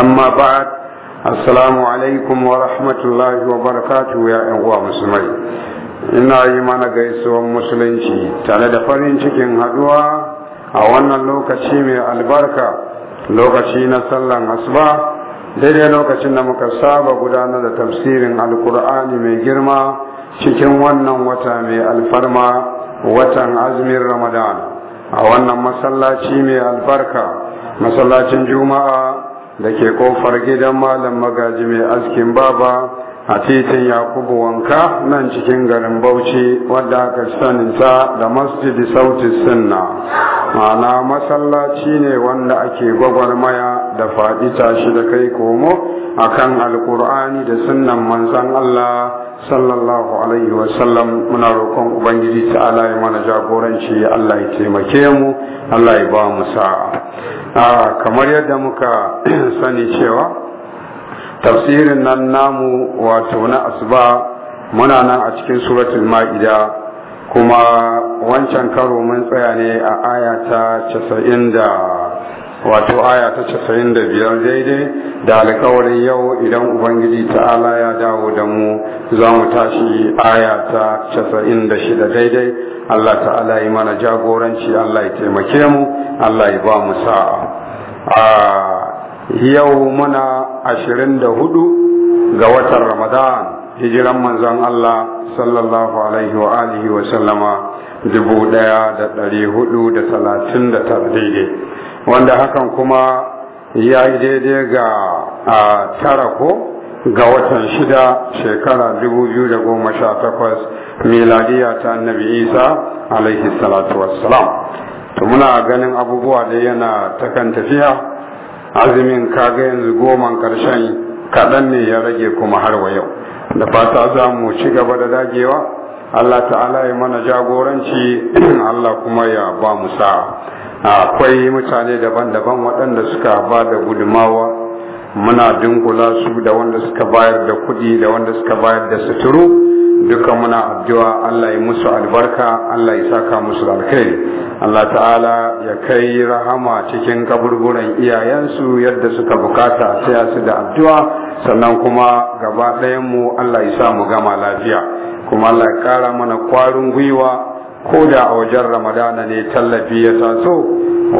amma ba'ad السلام alaikum wa rahmatullahi wa يا ya yan uwa musulmai ina yi mana gaisuwan musulunci tare da farin cikin البركة a wannan lokaci mai albarka lokaci na sallan asuba daidai lokacin da muka saba gudanar da tafsirin alkur'ani mai girma cikin wannan wata mai alfarma watan azumin ramadan a wannan masallaci mai albarka masallacin juma'a da ke kofar gidan malam magaji mai askin baba a titin yakubu wanka nan cikin garin bauchi wadda aka saninsa da masjidi sauti sunna ma'ana masallaci ne wanda ake gwagwarmaya da faɗi tashi da kai komo akan alkur'ani da sunnan manzon allah sallallahu alaihi wasallam muna roƙon ubangiji ta ala ya mana jagoranci Allah ya taimake mu Allah ya ba mu sa'a kamar yadda muka sani cewa tafsirin nan namu wato na asuba muna nan a cikin suratul ma'ida kuma wancan karo mun tsaya ne a aya ta casa'in da wato aya ta casa'in da biyar daidai da alkawarin yau idan ubangiji ta'ala ya dawo da mu za mu tashi aya ta casa'in da shida daidai allah ta'ala yi mana jagoranci allah ya taimake mu allah ya ba mu sa'a a yau muna ashirin da hudu ga watan ramadan hijiran manzon allah sallallahu alaihi wa alihi wa sallama dubu daya da dari hudu da talatin da tara wanda hakan kuma ya yi daidai ga tara ko ga watan shida shekara dubu biyu da goma miladiya ta annabi isa alaihi salatu wassalam to muna ganin abubuwa da yana ta kan tafiya azumin kaga yanzu goma karshen kaɗan ne ya rage kuma har wa yau da fata za mu ci gaba da dagewa Allah ta'ala ya mana jagoranci Allah kuma ya ba mu sa'a akwai mutane daban-daban waɗanda suka ba da gudumawa muna dunkula su da wanda suka bayar da kuɗi da wanda suka bayar da suturu duka muna addu'a Allah ya musu albarka Allah ya saka musu alkhairi Allah ta'ala ya kai rahama cikin kaburburan iyayensu yadda suka bukata sai su da addu'a sannan kuma gaba ɗayan mu Allah ya sa mu gama lafiya kuma Allah ya kara mana kwarin gwiwa ko da a wajen ramadana ne tallafi ya taso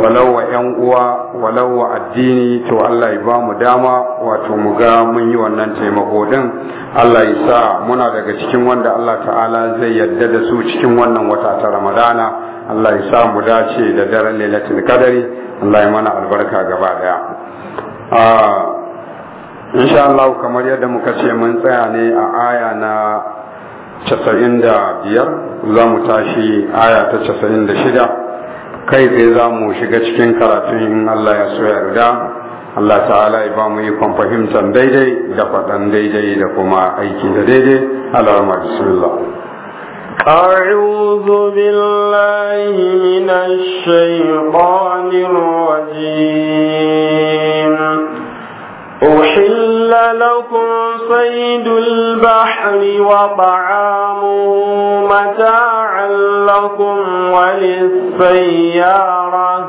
walau wa yan uwa walau wa addini to Allah ya ba mu dama wato mu ga mun yi wannan taimako din Allah ya sa muna daga cikin wanda Allah ta'ala zai yadda da su cikin wannan wata ta ramadana Allah ya sa mu dace da daren lailatul qadari Allah ya mana albarka gaba daya ah, insha Allah kamar yadda muka ce mun tsaya ne a aya na casa'in da biyar za mu tashi aya ta casa'in da shida kai tsaye za mu shiga cikin karatun in Allah ya so yarda Allah ta'ala ya ba mu ikon fahimtar daidai da faɗan daidai da kuma aiki da daidai alarma bismillah أعوذ بالله من الشيطان الرجيم أحل أحل لكم صيد البحر وطعامه متاعا لكم وللسيارة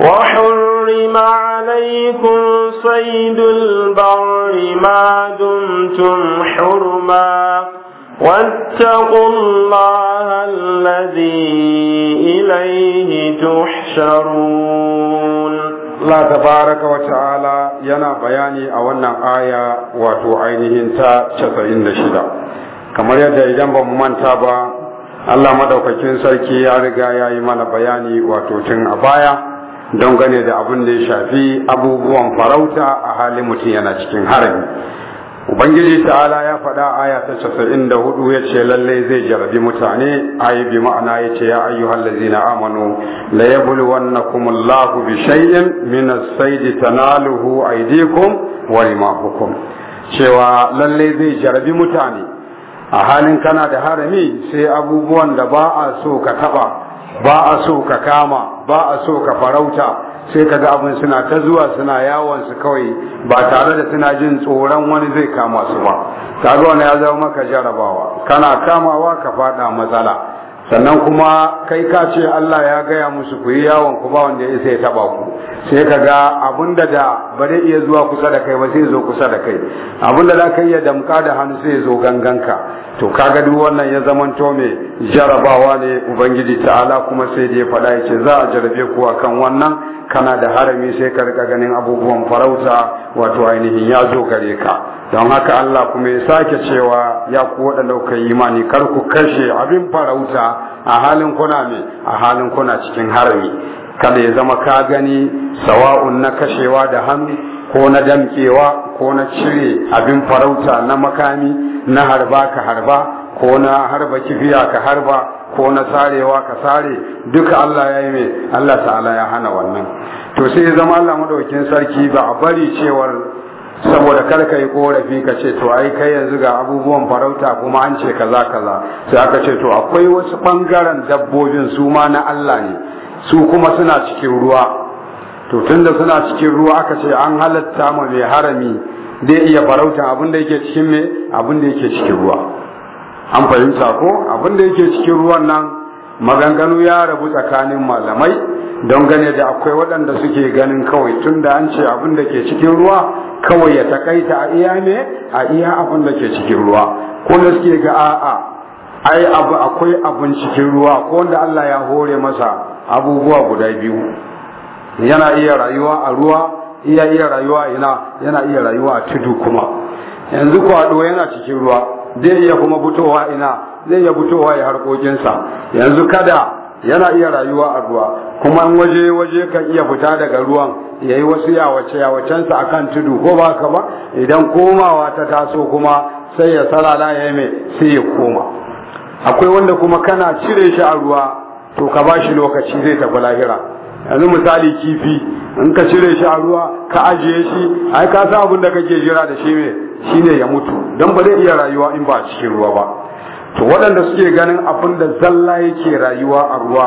وحرم عليكم صيد البر ما دمتم حرما واتقوا الله الذي إليه تحشرون Allah baraka wa ta'ala yana bayani a wannan aya wato ainihin ta da shida, kamar yadda idan ba mu manta ba Allah madaukakin sarki ya riga ya yi mana bayani wato tun a baya don gane da abin da ya shafi abubuwan farauta a halin mutum yana cikin harami ubangiji ta'ala ya faɗa aya ta casa'in da hudu ya ce lallai zai jarabi mutane ayi bi ma'ana ya ce ya ayyuhal ladzina amanu la kuma, allahu bi shay'in min as-sayd tanaluhu aidikum wa rimahukum cewa lallai zai jarabi mutane a halin kana da harami sai abubuwan da ba a so ka taba ba a so ka kama ba a so ka farauta sai kaga abin suna ta zuwa suna yawon su kawai ba tare da suna jin tsoron wani zai kama su ba kaga wani ya zama maka jarabawa kana kamawa ka faɗa matsala sannan kuma kai ka ce Allah ya gaya musu ku yi yawon ku ba wanda ya sai taba ku sai ka ga abinda da ba zai iya zuwa kusa da kai ba sai zo kusa da kai abinda da ka iya damka da hannu sai zo ganganka to kaga duk wannan ya zamanto mai jarabawa ne ubangiji ta'ala kuma sai da ya faɗa ya ce za a jarabe ku akan wannan kana da harami sai ka rika ganin abubuwan farauta wato ainihin ya zo gare ka don haka Allah kuma ya sake cewa ya ku da kuka imani kar ku kashe abin farauta a halin kuna ne a halin kuna cikin harami kada ya zama ka gani sawa'un na kashewa da hannu ko na damkewa ko na cire abin farauta na makami na harba ka harba ko na harba kibiya ka harba ko na sarewa ka sare duka Allah ya yi mai Allah ta'ala ya hana wannan to sai zama Allah madaukin sarki ba a bari cewar saboda kar ka yi korafi ka ce to ai kai yanzu ga abubuwan farauta kuma an ce kaza kaza sai aka ce to akwai wasu bangaren dabbobin su ma na Allah ne su kuma suna cikin ruwa to tunda suna cikin ruwa aka ce an halatta ma mai harami zai iya farauta abin da yake cikin me abin da yake cikin ruwa an fahimta ko abin da yake cikin ruwan nan maganganu ya rabu tsakanin malamai don gane da akwai waɗanda suke ganin kawai tun da an ce abin da ke cikin ruwa kawai ya takaita a iya ne a iya abin da ke cikin ruwa ko da suke ga a'a ai abu akwai abin cikin ruwa ko wanda Allah ya hore masa abubuwa guda biyu yana iya rayuwa a ruwa iya iya rayuwa ina yana iya rayuwa a tudu kuma yanzu kwado yana cikin ruwa zai iya kuma fitowa ina zai iya fitowa ya harkokinsa yanzu kada yana iya rayuwa a ruwa kuma in waje waje kan iya fita daga ruwan ya yi wasu yawace yawacensa a kan tudu ko ba ka ba idan komawa ta taso kuma sai ya salala ya yi mai sai ya koma akwai wanda kuma kana cire shi a ruwa to ka ba shi lokaci zai tafi lahira yanzu misali kifi in ka cire shi a ruwa ka ajiye shi ai ka san abin da kake jira da shi ne shine ya mutu Don ba zai iya rayuwa in ba cikin ruwa ba to waɗanda suke ganin abin da zalla yake rayuwa a ruwa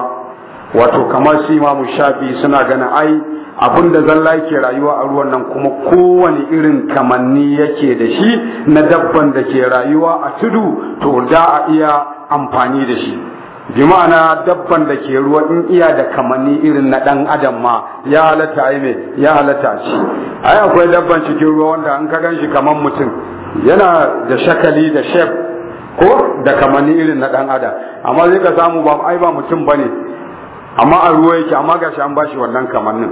wato kamar su imamu shafi suna ganin ai abin da zalla yake rayuwa a ruwan nan kuma kowane irin kamanni yake da shi na dabban da ke rayuwa a tudu to da a iya amfani da shi bi ma'ana dabban da ke ruwa in iya da kamanni irin na dan adam ma ya halatta ai me ya halatta shi ai akwai dabban cikin ruwa wanda an ka ganshi kaman mutum yana da shakali da shef ko da kamanni irin na dan adam amma zai ka samu ba ai ba mutum bane amma a ruwa yake amma gashi an bashi wannan kamannin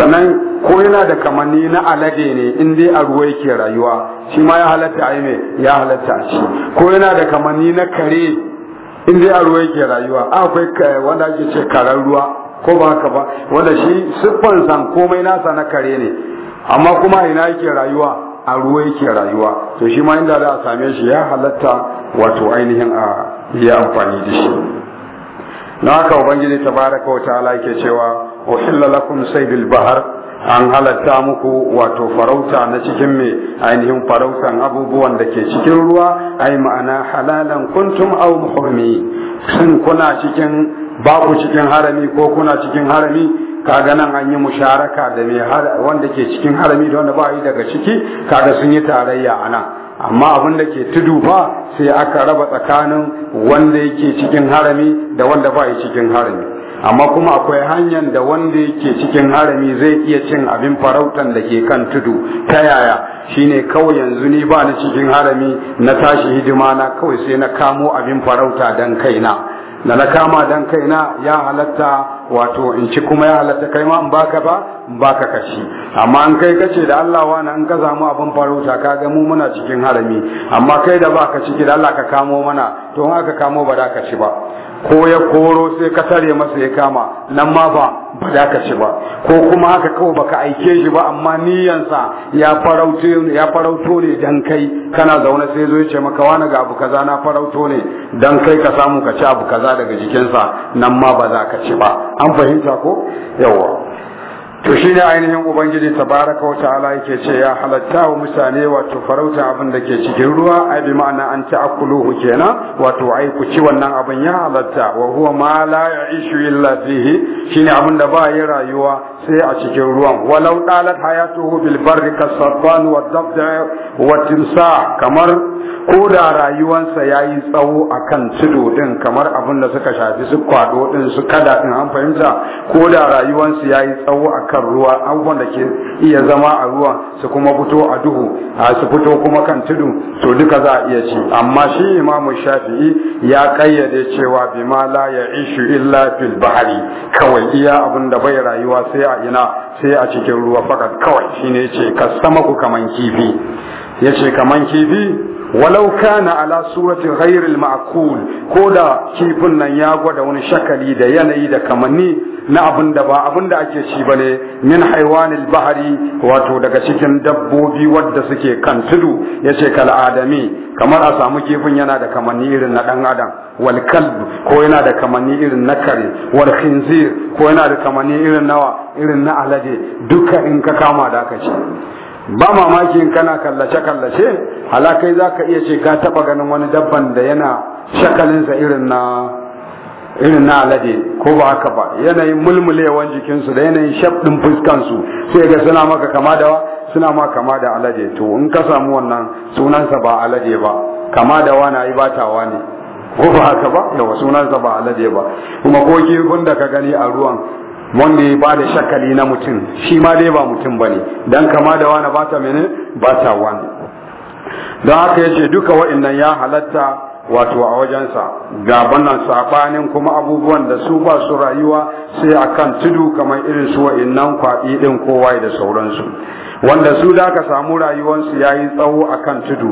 sannan ko yana da kamanni na alade ne in dai a ruwa yake rayuwa shi ma ya halatta ai me ya halatta shi ko yana da kamanni na kare in dai a ruwa yake rayuwa akwai wanda ake ce karar ruwa ko ba haka ba wanda shi siffan san komai nasa na kare ne amma kuma ina yake rayuwa a ruwa yake rayuwa to shi ma inda za a same shi ya halatta wato ainihin a yi amfani da shi na haka ubangiji tabaraka wa ta'ala yake cewa uhilla lakum saydil bahar an halatta muku wato farauta na cikin mai ainihin farautan abubuwan da ke cikin ruwa ai ma'ana halalan kuntum au muhurmi shin kuna cikin ba ku cikin harami ko kuna cikin harami kaga nan an yi musharaka da mai wanda ke cikin harami da wanda ba yi daga ciki kaga sun yi tarayya a amma abin da ke tudu fa sai aka raba tsakanin wanda yake cikin harami da wanda ba yi cikin harami amma kuma akwai hanyar da wanda yake cikin harami zai iya cin abin farautan da ke kan tudu ta yaya shine kawai yanzu ni ba ni cikin harami na tashi hidima na kawai sai na kamo abin farauta dan kaina da na kama dan kaina ya halatta wato in ci kuma ya halatta kai ma in baka ba in baka kashi amma an kai kace da Allah wa an ka samu abin farauta kaga mu muna cikin harami amma kai da baka ciki da Allah ka kamo mana to in aka kamo ba da ka ci ba ko ya koro sai ka tare masa ya kama nan ma ba ba da ka ci ba ko kuma haka kawai baka aike shi ba amma niyansa ya farauto ya farauto ne dan kai kana zaune sai zo ya ce maka wani ga abu kaza na farauto ne dan kai ka samu ka ci abu kaza daga jikinsa nan ma ba za ka ci ba an fahimta ko yawa to shi ne ainihin ubangiji ta baraka wa ta'ala yake ce ya halatta wa mutane wato farauta abin da ke cikin ruwa a bi ma'ana an ta'akuluhu kenan wato ai ku ci wannan abin ya halatta wa huwa ma la ya'ishu illa fihi shine abin da ba ya rayuwa sai a cikin ruwan walau dalat hayatuhu bil barri kasabban wa dabda wa timsa kamar ko da rayuwansa ya yi tsawo a kan tudu ɗin kamar abin da suka shafi su kwado ɗin su kada din an fahimta ko da rayuwansu ya yi tsawo a kan ruwa abubuwan da ke iya zama a ruwa su kuma fito a duhu a su fito kuma kan tudu to duka za a iya ci amma shi imamu shafi'i ya kayyade cewa ma la ya ishu illa fil bahari kawai iya abin da bai rayuwa sai a ina sai a cikin ruwa fakat kawai shine yace ka sama ku kaman kifi yace kaman kifi walau kana ala surati ghairil ma'kul ko da kifin nan ya gwada wani shakali da yanayi da kamanni na abin da ba abin da ake ci bane min haiwanil bahari wato daga cikin dabbobi wadda suke kan tudu yace kal adami kamar a samu kifin yana da kamanni irin na dan adam wal kalb ko yana da kamanni irin na kare wal khinzir ko yana da kamanni irin nawa irin na alade duka in ka kama da aka ci. ba mamakin kana kallace kallace Alakai za ka iya ce ka taba ganin wani dabban da yana shakalinsa irin na alade ko ba haka ba yanayin mulmulewan jikinsu da yanayin shafɗin fuskansu sai ga suna maka kama da suna ma kama da alade to in ka samu wannan sunansa ba alade ba kama da wani ai batawa ne ko ba haka ba yawa sunansa ba alade ba kuma ko kifin da ka gani a ruwan wanda ya bada shakali na mutum shi ma dai ba mutum bane dan kama da wani ba ta mene ba ta wani don haka yace duka wa'annan ya halatta wato a wajensa ga wannan sabanin kuma abubuwan da su ba su rayuwa sai akan tudu kamar irin su wa'annan kwaɗi din kowa da sauransu wanda su da aka samu rayuwarsu yayi tsawo akan tudu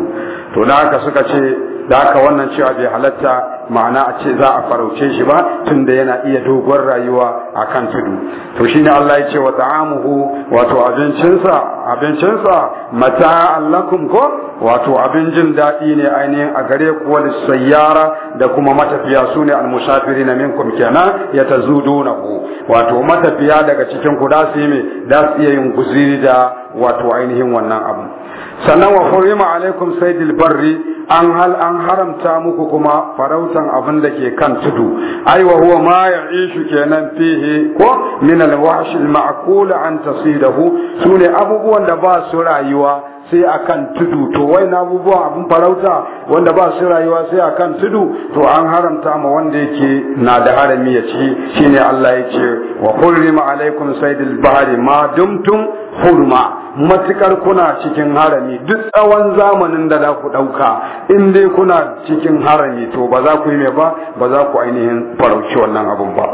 to da aka suka ce da aka wannan cewa bai halatta ma'ana a ce za a farauce shi ba tunda yana iya dogon rayuwa a kan tudu to shi ne Allah ya ce wa ta'amuhu wato abincinsa abincinsa mata'an ko wato abin jin daɗi ne ainihin a gare kuwa sayyara da kuma matafiya su ne almusafirina minkum kenan ya ku. wato matafiya daga cikin ku da su yi da su iya yin guziri da wato ainihin wannan abu sannan wa hurima alaikum saydil barri an hal an haramta muku kuma farautan abin da ke kan tudu ai wa huwa ma ya'ishu kenan fihi ko min alwahsh alma'qul an tasidahu sune abubuwan da ba su rayuwa sai akan tudu to wai na abubuwan abin farauta wanda ba su rayuwa sai akan tudu to an haramta ma wanda yake na da harami ya ci shine Allah ya ce wa hurrima alaikum saydil bahri ma dumtum hurma matukar kuna cikin harami duk tsawon zamanin da za ku ɗauka in dai kuna cikin harami to ba za ku yi mai ba ba za ku ainihin farauci wannan abun ba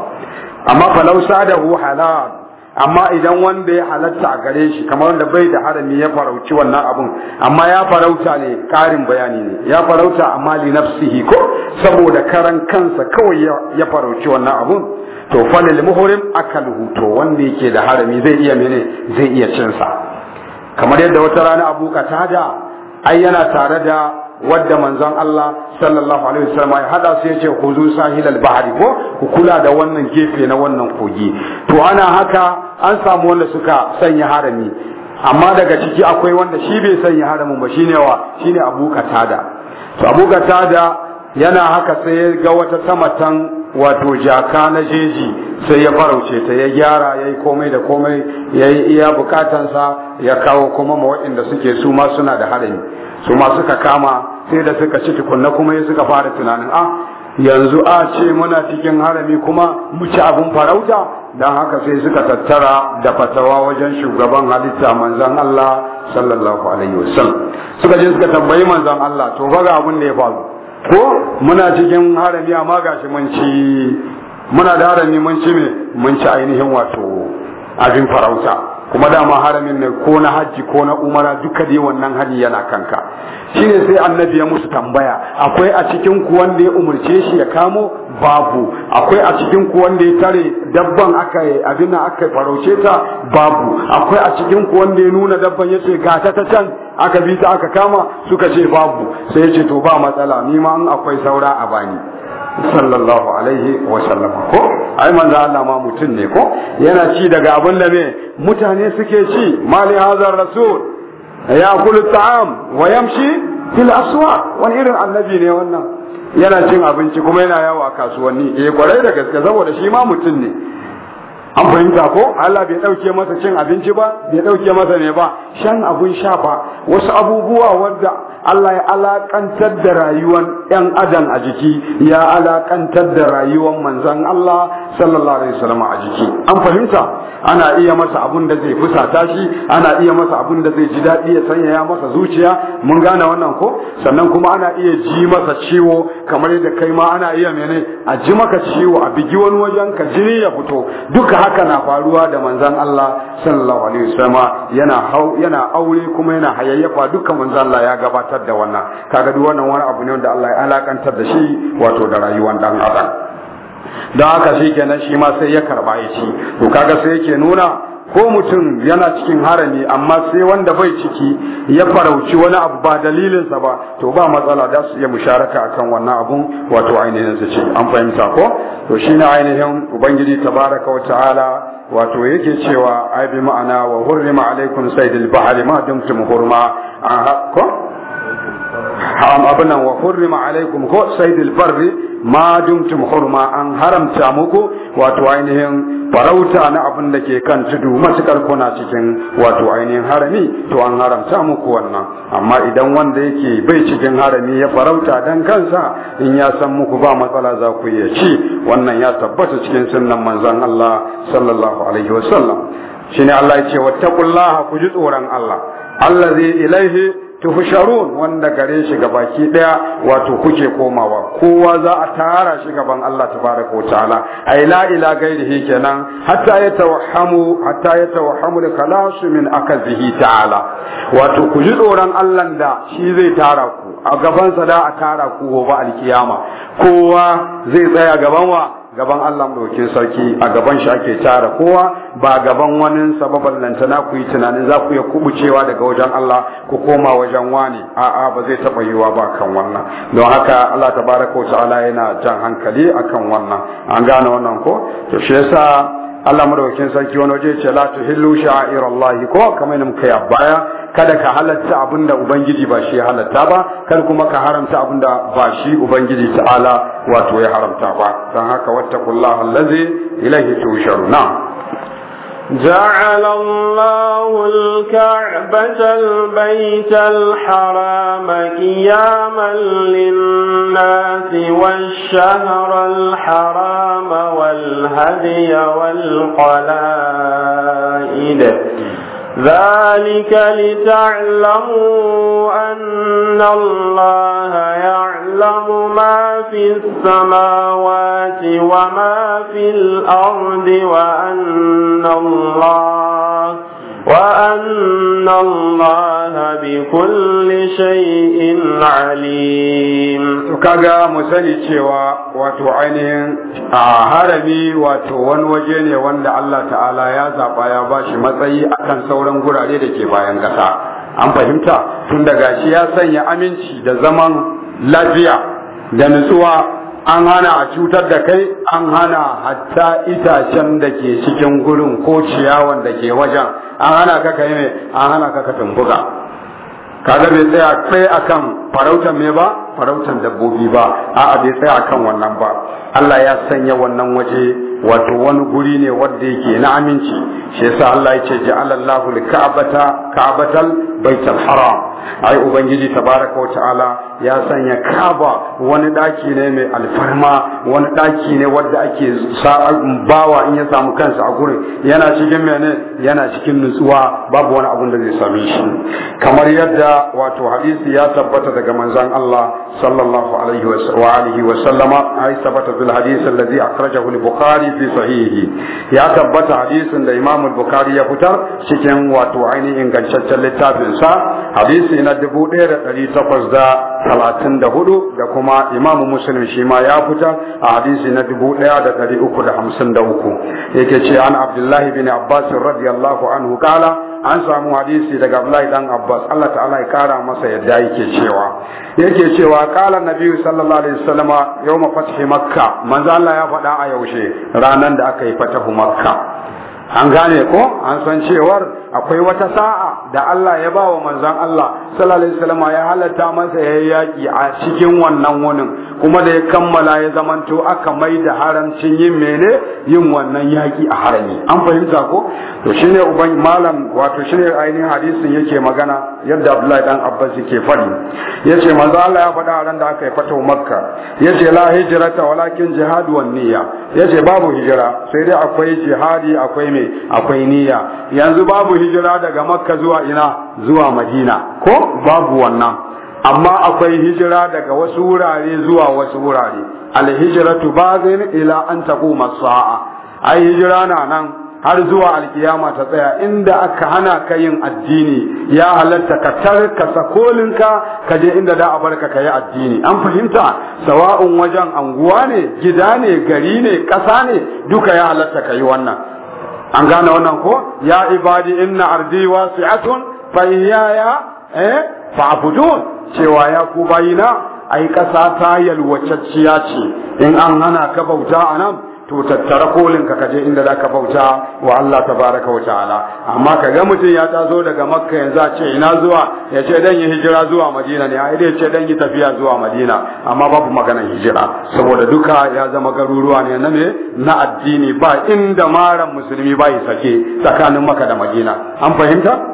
amma falau sadahu halal amma idan wanda ya halatta a gare shi kamar wanda bai da harami ya farauci wannan abun amma ya farauta ne karin bayani ne ya farauta amma li nafsihi ko saboda karan kansa kawai ya farauci wannan abun to falil muhrim akal huto wanda yake da harami zai iya mene zai iya cin sa kamar yadda wata rana abu katada ai yana tare da wadda manzon Allah sallallahu alaihi wasallam ya hada su yace khuzu sahilal bahri ko ku kula da wannan gefe na wannan kogi to ana haka an samu wanda suka sanya harami amma daga ciki akwai wanda shi bai sanya haramin ba shine wa shine Abu Katada to Abu Katada yana haka sai ya ga wata samatan wato jaka na jeji sai ya farauce ta ya gyara ya yi komai da komai ya yi iya bukatansa ya kawo kuma ma waɗanda suke su ma suna da harami su ma suka kama sai da suka ci tukunna kuma ya suka fara tunanin a ah, yanzu a ce muna cikin harami kuma mu ci abin farauta Dan haka sai suka tattara da fatawa wajen shugaban halitta manzon Allah sallallahu alaihi wasallam suka je suka tambayi manzan Allah to ba ga abin da ya faru ko muna cikin harami amma gashi mun ci muna da harami mun ci me mun ci ainihin wato abin farauta kuma dama haramin ne ko na hajji ko na umara duka dai wannan hali yana kanka shine sai annabi ya musu tambaya akwai a cikin ku wanda ya umurce shi ya kamo babu akwai a cikin ku wanda ya tare dabban aka yi abin aka farauce ta babu akwai a cikin ku wanda ya nuna dabban ya ga ta ta can aka bi ta aka kama suka ce babu sai ya ce to ba matsala ni ma in akwai saura a bani sallallahu alaihi wa sallam ko ai manzo Allah ma mutun ne ko yana ci daga abin da me mutane suke ci mali hazar rasul ya kula ta'am wa yamshi fil aswaq wani irin annabi ne wannan yana cin abinci kuma yana yawo a kasuwanni eh kwarai da gaske saboda shi ma mutun ne an fahimta ko Allah bai dauke masa cin abinci ba bai dauke masa ne ba shan abun sha ba wasu abubuwa wanda Allah ya alakantar da rayuwar ɗan adam a jiki ya alakantar da rayuwar manzan Allah sallallahu alaihi wasallam a jiki an fahimta ana iya masa abun da zai fusata shi ana iya masa abun da zai ji daɗi ya sanyaya masa zuciya mun gane wannan ko sannan kuma ana iya ji masa ciwo kamar yadda kai ma ana iya mene a ji maka ciwo a bigi wani wajen ka jini ya fito duka haka na faruwa da manzan Allah sallallahu alaihi wasallam yana hau yana aure kuma yana hayayyafa duka manzan Allah ya gabata. tabbatar da wannan kaga duk wannan wani abu ne wanda Allah ya alakantar da shi wato da rayuwar dan adam don haka shi kenan shi ma sai ya karba ya ci to kaga sai yake nuna ko mutum yana cikin harami amma sai wanda bai ciki ya farauci wani abu ba dalilinsa ba to ba matsala da su iya musharaka akan wannan abun wato ainihin su ce an fahimta ko to shine ainihin ubangiji tabaraka wa ta'ala wato yake cewa ai bi ma'ana wa hurrima alaikum saydil bahri ma dumtum hurma ko haram abinan wa hurrima alaikum ko saidil farri ma dumtum hurma an haramta muku wato ainihin farauta na abin da ke kan tudu matukar kuna cikin wato ainihin harami to an haramta muku wannan amma idan wanda yake bai cikin harami ya farauta dan kansa in ya san muku ba matsala za ku iya ci wannan ya tabbata cikin sunnan manzon Allah sallallahu alaihi wasallam shine Allah ya ce wattaqullaha ku ji tsoron Allah allazi ilaihi tuhsharun wanda gare shi ga baki daya wato kuke komawa kowa za a tara shi gaban Allah tabaraka ta'ala ay la ila gairihi kenan hatta tawhamu hatta yatawahhamu da khalas min akazihi ta'ala wato ku ji tsoron Allah da shi zai tara ku a gaban sa da a tara ku gobe alkiyama kowa zai tsaya gaban wa gaban Allah dokin sarki a gaban shi ake tara kowa ba gaban wani sababan lantana ku yi tunanin za ku iya kubucewa daga wajen Allah ku koma wajen wani a'a ba zai taɓa yiwa ba kan wannan don haka Allah ta tabaraka wa ta'ala yana jan hankali akan wannan an gane wannan ko to shi yasa Allah madaukakin sarki wani waje ce la tuhillu sha'irallahi ko kamar yadda muka yi a baya kada ka halatta abin da ubangiji ba shi ya halatta ba kar kuma ka haramta abin da ba shi ubangiji ta'ala wato ya haramta ba don haka wattaqullaha allazi ilayhi tusharuna جعل الله الكعبة البيت الحرام قياما للناس والشهر الحرام والهدي والقلائد ذلك لتعلموا أن الله يعلم ما في السماوات وما في الأرض وأن الله وأن الله بكل شيء عليم kaga mu sani cewa wato ainihin a harami wato wani waje ne wanda Allah ta'ala ya zaɓa ya bashi matsayi kan sauran gurare da ke bayan ƙasa an fahimta tunda daga shi ya sanya aminci da zaman lafiya da nutsuwa an hana a cutar da kai an hana hatta itacen da ke cikin gurin ko ciyawan da ke wajen an hana ka kai ne an hana ka ka tumbuga kaga bai tsaya tsaye akan farautar me ba farautar dabbobi ba a'a bai tsaya akan wannan ba Allah ya sanya wannan waje wato wani guri ne wanda yake na aminci shi yasa Allah ya ce ja'alallahu lika'bata ka'batal baitul haram ai ubangiji tabaraka wa ta'ala ya sanya kaba wani daki ne mai alfarma wani daki ne wanda ake bawa in ya samu kansa a gurin yana cikin mene yana cikin nutsuwa babu wani abun da zai same shi kamar yadda wato hadisi ya tabbata daga manzon Allah sallallahu alaihi wa alihi wa sallama ai tabbata bil hadisi alladhi akhrajahu al-bukhari fi sahihi ya tabbata hadisin da imam al-bukhari ya fitar cikin wato ainihin ingantaccen littafin sa hadisi hadisi na dubu ɗaya da ɗari takwas da talatin da hudu da kuma imamu muslim shi ma ya fita a hadisi na dubu ɗaya da ɗari uku da hamsin da uku yake ce an abdullahi bin abbas radiyallahu anhu kala an samu hadisi daga Abdullahi dan Abbas Allah ta'ala ya kara masa yadda yake cewa yake cewa kala nabi sallallahu alaihi wasallam yawma fathi makka manzo Allah ya faɗa a yaushe ranan da aka yi fatahu makka an gane ko an san cewar akwai wata sa'a da Allah ya ba wa manzon Allah sallallahu alaihi wasallam ya halatta masa yayi yaki a cikin wannan wunin kuma da ya kammala ya zamanto aka mai da haramcin yin mene yin wannan yaki a harami an fahimta ko to shine uban malam wato shine ainihin hadisin yake magana yadda Abdullahi dan Abbas yake fadi yace manzo Allah ya faɗa ran da aka yi fatawa Makka yace la hijrata walakin jihad wan niyya yace babu hijira sai dai akwai jihadi akwai me akwai niyya yanzu babu hijira daga makka zuwa ina zuwa madina ko babu wannan amma akwai hijira daga wasu wurare zuwa wasu wurare alhijratu bazin ila an taquma sa'a ai hijira na nan har zuwa alkiyama ta tsaya inda aka hana ka yin addini ya halatta ka tarka sakolinka ka je inda da a barka ka yi addini an fahimta sawa'un wajen anguwa ne gida ne gari ne ƙasa ne duka ya halatta ka yi wannan an gane wannan ko ya ibadi inna ardi wasi'atun fa iyaya eh abudun cewa ya ku bayina ai kasa ta yalwacacciya ce in an hana ka bauta anan to tattara kolin ka kaje inda ka bauta wa Allah tabaraka wa ta'ala amma ka ga mutum ya taso daga makka yanzu a ce ina zuwa ya ce dan yi hijira zuwa madina ne ai dai ce dan yi tafiya zuwa madina amma babu magana hijira saboda duka ya zama garuruwa ne na me na addini ba inda maran musulmi ba yi sake tsakanin makka da madina an fahimta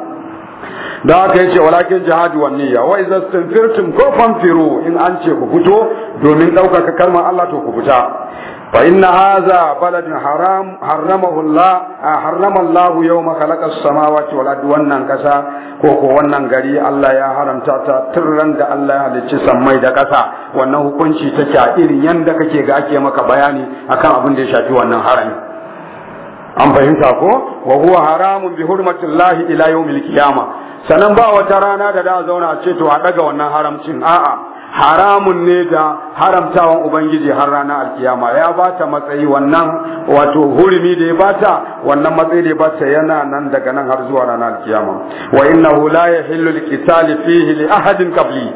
da haka ce walakin jihadu wa niyya wa idza istanfirtum ko fanfiru in an ce ku fito domin ɗaukaka kalmar Allah to ku fita فإن هذا بلد حرام حرمه الله حرم الله يوم خلق السماوات والأرض wannan kasa ko ko wannan gari Allah ya haramta ta turran da Allah ya halicci sammai da kasa wannan hukunci ta a irin yanda kake ga ake maka bayani akan abin da ya shafi wannan harami an fahimta ko wa huwa haramun bi hurmatillahi ila yawmil qiyamah sanan ba wata rana da da zauna ce to a daga wannan haramcin a'a haramun ne da haramtawan ubangiji har ranar alkiyama ya ta matsayi wannan wato hurumi da ya bata wannan matsayi da ya ta yana nan daga nan har zuwa ranar alkiyama wa hula la yahillu liqitali fihi li ahadin qabli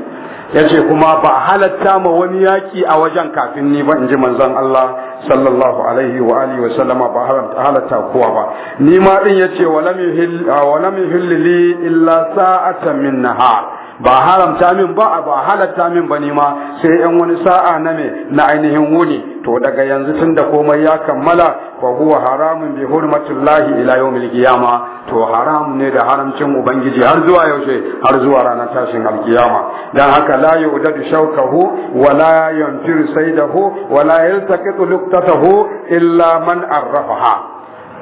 yace kuma ba halatta ma wani yaki a wajen kafin ni ba inji manzon Allah sallallahu alaihi wa alihi wa sallama ba halatta kowa ba ni ma din yace wa lam yuhill wa lam yuhill li illa sa'atan min nahar ba haramta min ba ba halatta min ba ma sai yan wani sa'a na me na ainihin wuni to daga yanzu tun da komai ya kammala fa huwa haramun bi hurmatillahi ila yawmil qiyama to haram ne da haramcin ubangiji har zuwa yaushe har zuwa ranar tashin alkiyama dan haka la yudadu shawkahu wa la yantir saydahu wa la yaltaqitu luqtatahu illa man arrafaha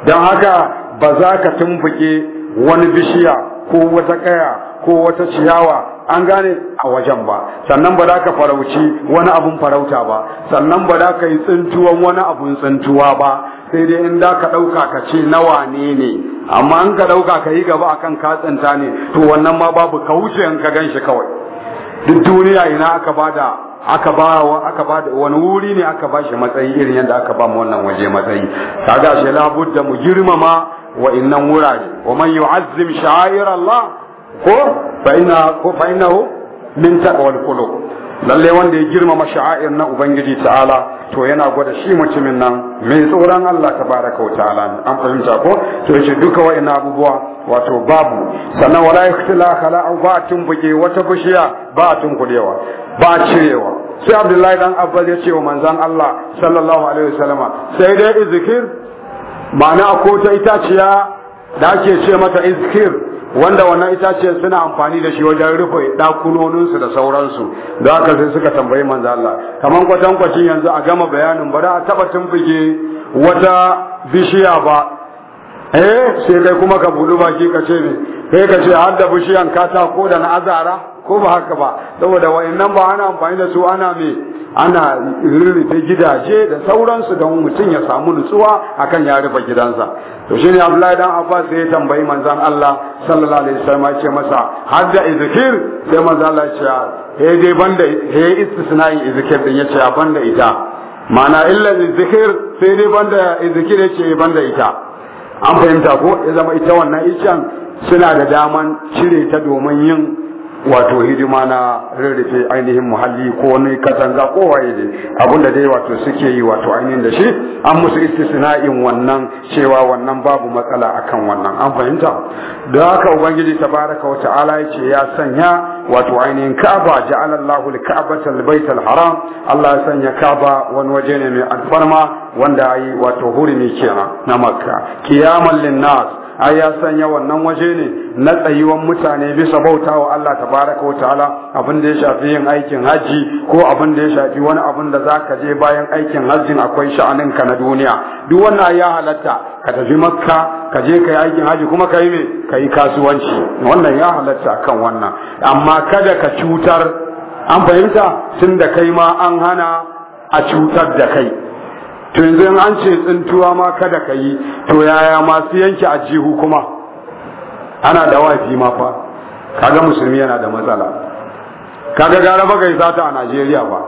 dan haka ba za ka tumbuke wani bishiya ko wata kaya ko wata ciyawa an gane a wajen ba sannan ba za ka farauci wani abun farauta ba sannan ba za ka yi tsintuwan wani abun tsintuwa ba sai dai in za ka ɗauka ka ce nawa ne ne amma an ka ɗauka ka yi gaba akan ka tsinta ne to wannan ma babu ka wuce in ka gan shi kawai duk duniya ina aka bada aka ba aka ba wani wuri ne aka ba shi matsayi irin yadda aka ba mu wannan waje matsayi kaga shi labudda mu girmama wa innan wurare wa man yu'azzim sha'air Allah ko fa ina ko fa innahu min taqwal qulub lalle wanda ya girmama sha'air na ubangiji ta'ala to yana gwada shi mutumin nan mai tsoron Allah tabaraka wa ta'ala an fahimta ko to yace duka wa'ina abubuwa wato babu sannan wala khala aw ba'tun buge wata bushiya ba'tun kudewa ba cirewa sai Abdullahi dan Abbas ya ce wa manzon Allah sallallahu alaihi wasallama sai dai izkir ma'ana ko ta itaciya da ake ce mata izkir wanda wannan itace suna amfani da shi wajen rufe ɗakunoninsu da sauransu da haka sai suka tambayi manzo Allah kaman kwacin yanzu a gama bayanin ba a taba tumbuge wata bishiya ba eh sai kai kuma ka budu baki ka ce ne kai eh, ka ce har da bishiyan katako da na azara ko ba haka ba saboda wayannan ba ana amfani da su ana me ana rurrufe gidaje da sauransu don mutum ya samu nutsuwa akan ya rufe gidansa to shine Abdullahi dan Abbas sai ya tambayi manzon Allah sallallahu alaihi wasallam ya ce masa hadda izkir sai manzon Allah ya ce he dai banda he istisnai izkir din ya ce banda ita mana illa izkir sai dai banda izkir ya ce banda ita an fahimta ko ya zama ita wannan icen suna da daman cire ta domin yin wato hidima na rarrafe ainihin muhalli ko wani katanga ko waye ne abinda dai wato suke yi wato ainihin da shi an musu istisna'in wannan cewa wannan babu matsala akan wannan an fahimta da haka ubangiji tabaraka wa ta'ala ce ya sanya wato ainihin kaba ja'ala Allahu al-Ka'bata Haram Allah ya sanya kaba wani waje ne mai alfarma wanda ayi wato hurumi kenan na Makka kiyaman linnas ai ya sanya wannan waje ne na tsayuwan mutane bisa bauta wa Allah tabaraka wa ta'ala abin da ya shafi yin aikin haji ko abin da ya shafi wani abin da zaka je bayan aikin hajjin akwai sha'anin ka na duniya duk wannan ya halatta ka tafi makka ka je kai aikin haji kuma ka yi me ka kasuwanci wannan ya halatta kan wannan amma kada ka cutar an fahimta tunda kai ma an hana a cutar da kai to yanzu in an ce tsintuwa ma kada ka yi to yaya masu yanke a jihu kuma ana da wafi ma fa kaga musulmi yana da matsala kaga gara baka yi sata a Najeriya ba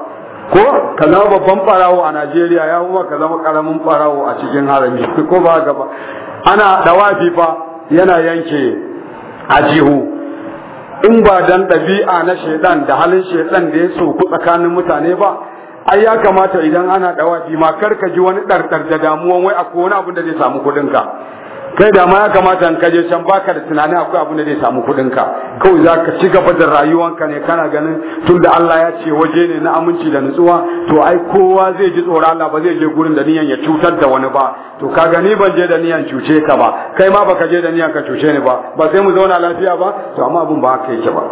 ko ka zama babban barawo a Najeriya ya kuma ka zama karamin barawo a cikin harami ko ba gaba ana da wafi fa yana yanke a jihu in ba dan ɗabi'a na shaidan da halin shaidan da ya soku tsakanin mutane ba ai ya kamata idan ana dawafi ma kar ka ji wani ɗarɗar da damuwan wai akwai wani abin da zai samu kuɗin ka kai da ma ya kamata in kaje can baka da tunanin akwai abin da zai samu kuɗin ka kawai za ka ci gaba da rayuwanka ne kana ganin tunda Allah ya ce waje ne na aminci da nutsuwa to ai kowa zai ji tsoron Allah ba zai je gurin da niyan ya cutar da wani ba to ka gani ban je da niyan cuce ka ba kai ma baka je da niyan ka cuce ni ba ba sai mu zauna lafiya ba to amma abin ba haka yake ba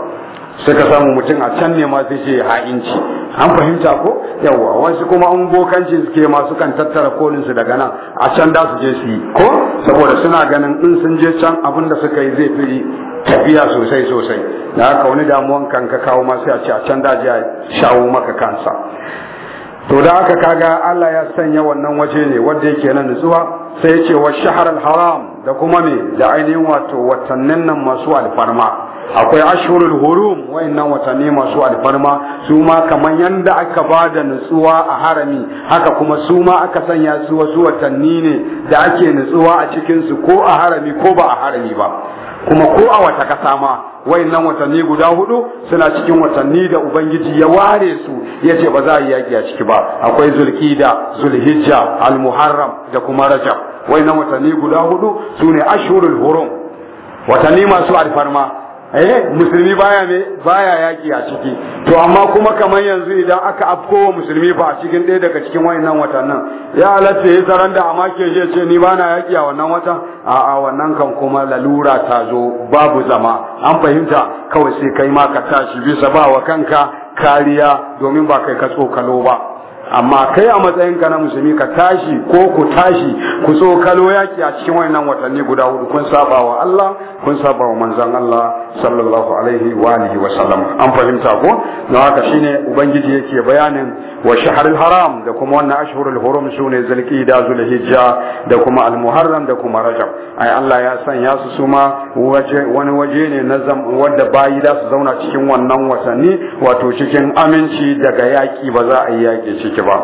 suka samu mutum a can ne ma sai ce ha'inci an fahimta ko yawwa wasu kuma an bokanci suke masu kan tattara kolin su daga nan a can da su je su yi ko saboda suna ganin in sun je can abin da suka yi zai fi tafiya sosai sosai da aka wani damuwan kan ka kawo masu a can da je shawo maka kansa to da aka kaga Allah ya sanya wannan waje ne wanda yake nan nutsuwa sai ya ce wa shahar haram da kuma me da ainihin wato watannin nan masu alfarma akwai ashurul hurum wayannan watanni masu alfarma su ma kamar yanda aka ba da nutsuwa a harami haka kuma su ma aka sanya su wasu watanni ne da ake nutsuwa a cikin su ko a harami ko ba a harami ba kuma ko a wata kasa ma wayannan watanni guda hudu suna cikin watanni da ubangiji ya ware su yace ba za a yi yaki a ciki ba akwai zulkida zulhijja almuharram da kuma rajab wayannan watanni guda hudu sune ashurul hurum watanni masu alfarma eh musulmi baya ne baya yaki a ciki to amma kuma kamar yanzu idan aka afko musulmi fa a cikin ɗaya daga cikin wayannan watannin ya halatta ya zaran da amma ke je ce ni bana yaki a wannan wata a a wannan kan kuma lalura ta zo babu zama an fahimta kawai sai kai ma ka tashi bisa ba wa kanka kariya domin ba kai ka tsokalo ba amma kai a matsayin na musulmi ka tashi ko ku tashi ku tsokalo kalo yaki a cikin wannan watanni guda hudu kun saba wa Allah kun saba wa manzon Allah sallallahu alaihi wa alihi wa sallam an fahimta ko na haka shine ubangiji yake bayanin wa shahrul haram da kuma wannan ashhurul hurum sune zulqa'da zulhijja da kuma almuharram da kuma rajab ai Allah ya sanya su suma waje wani waje ne na wanda bayi za su zauna cikin wannan watanni wato cikin aminci daga yaki ba za a yi yaki ciki ba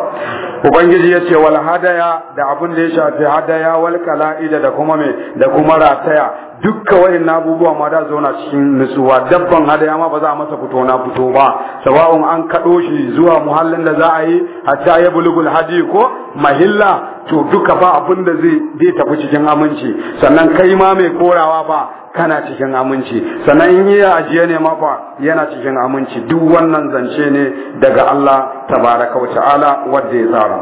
ubangiji ya ce wal hadaya da abin da ya shafi hadaya wal kala'ida da kuma me da kuma rataya dukka wani abubuwa ma da zauna cikin nutsuwa dabban hadaya ma ba za a masa fito na fito ba Sababin an kaɗo shi zuwa muhallin da za a yi hatta ya bulugul hadi ko mahilla to duka ba abin da zai zai tafi cikin aminci sannan kai ma mai korawa ba kana cikin aminci sannan in yi ajiye ne ma ba yana cikin aminci duk wannan zance ne daga Allah tabaraka wa ta'ala wanda ya tsara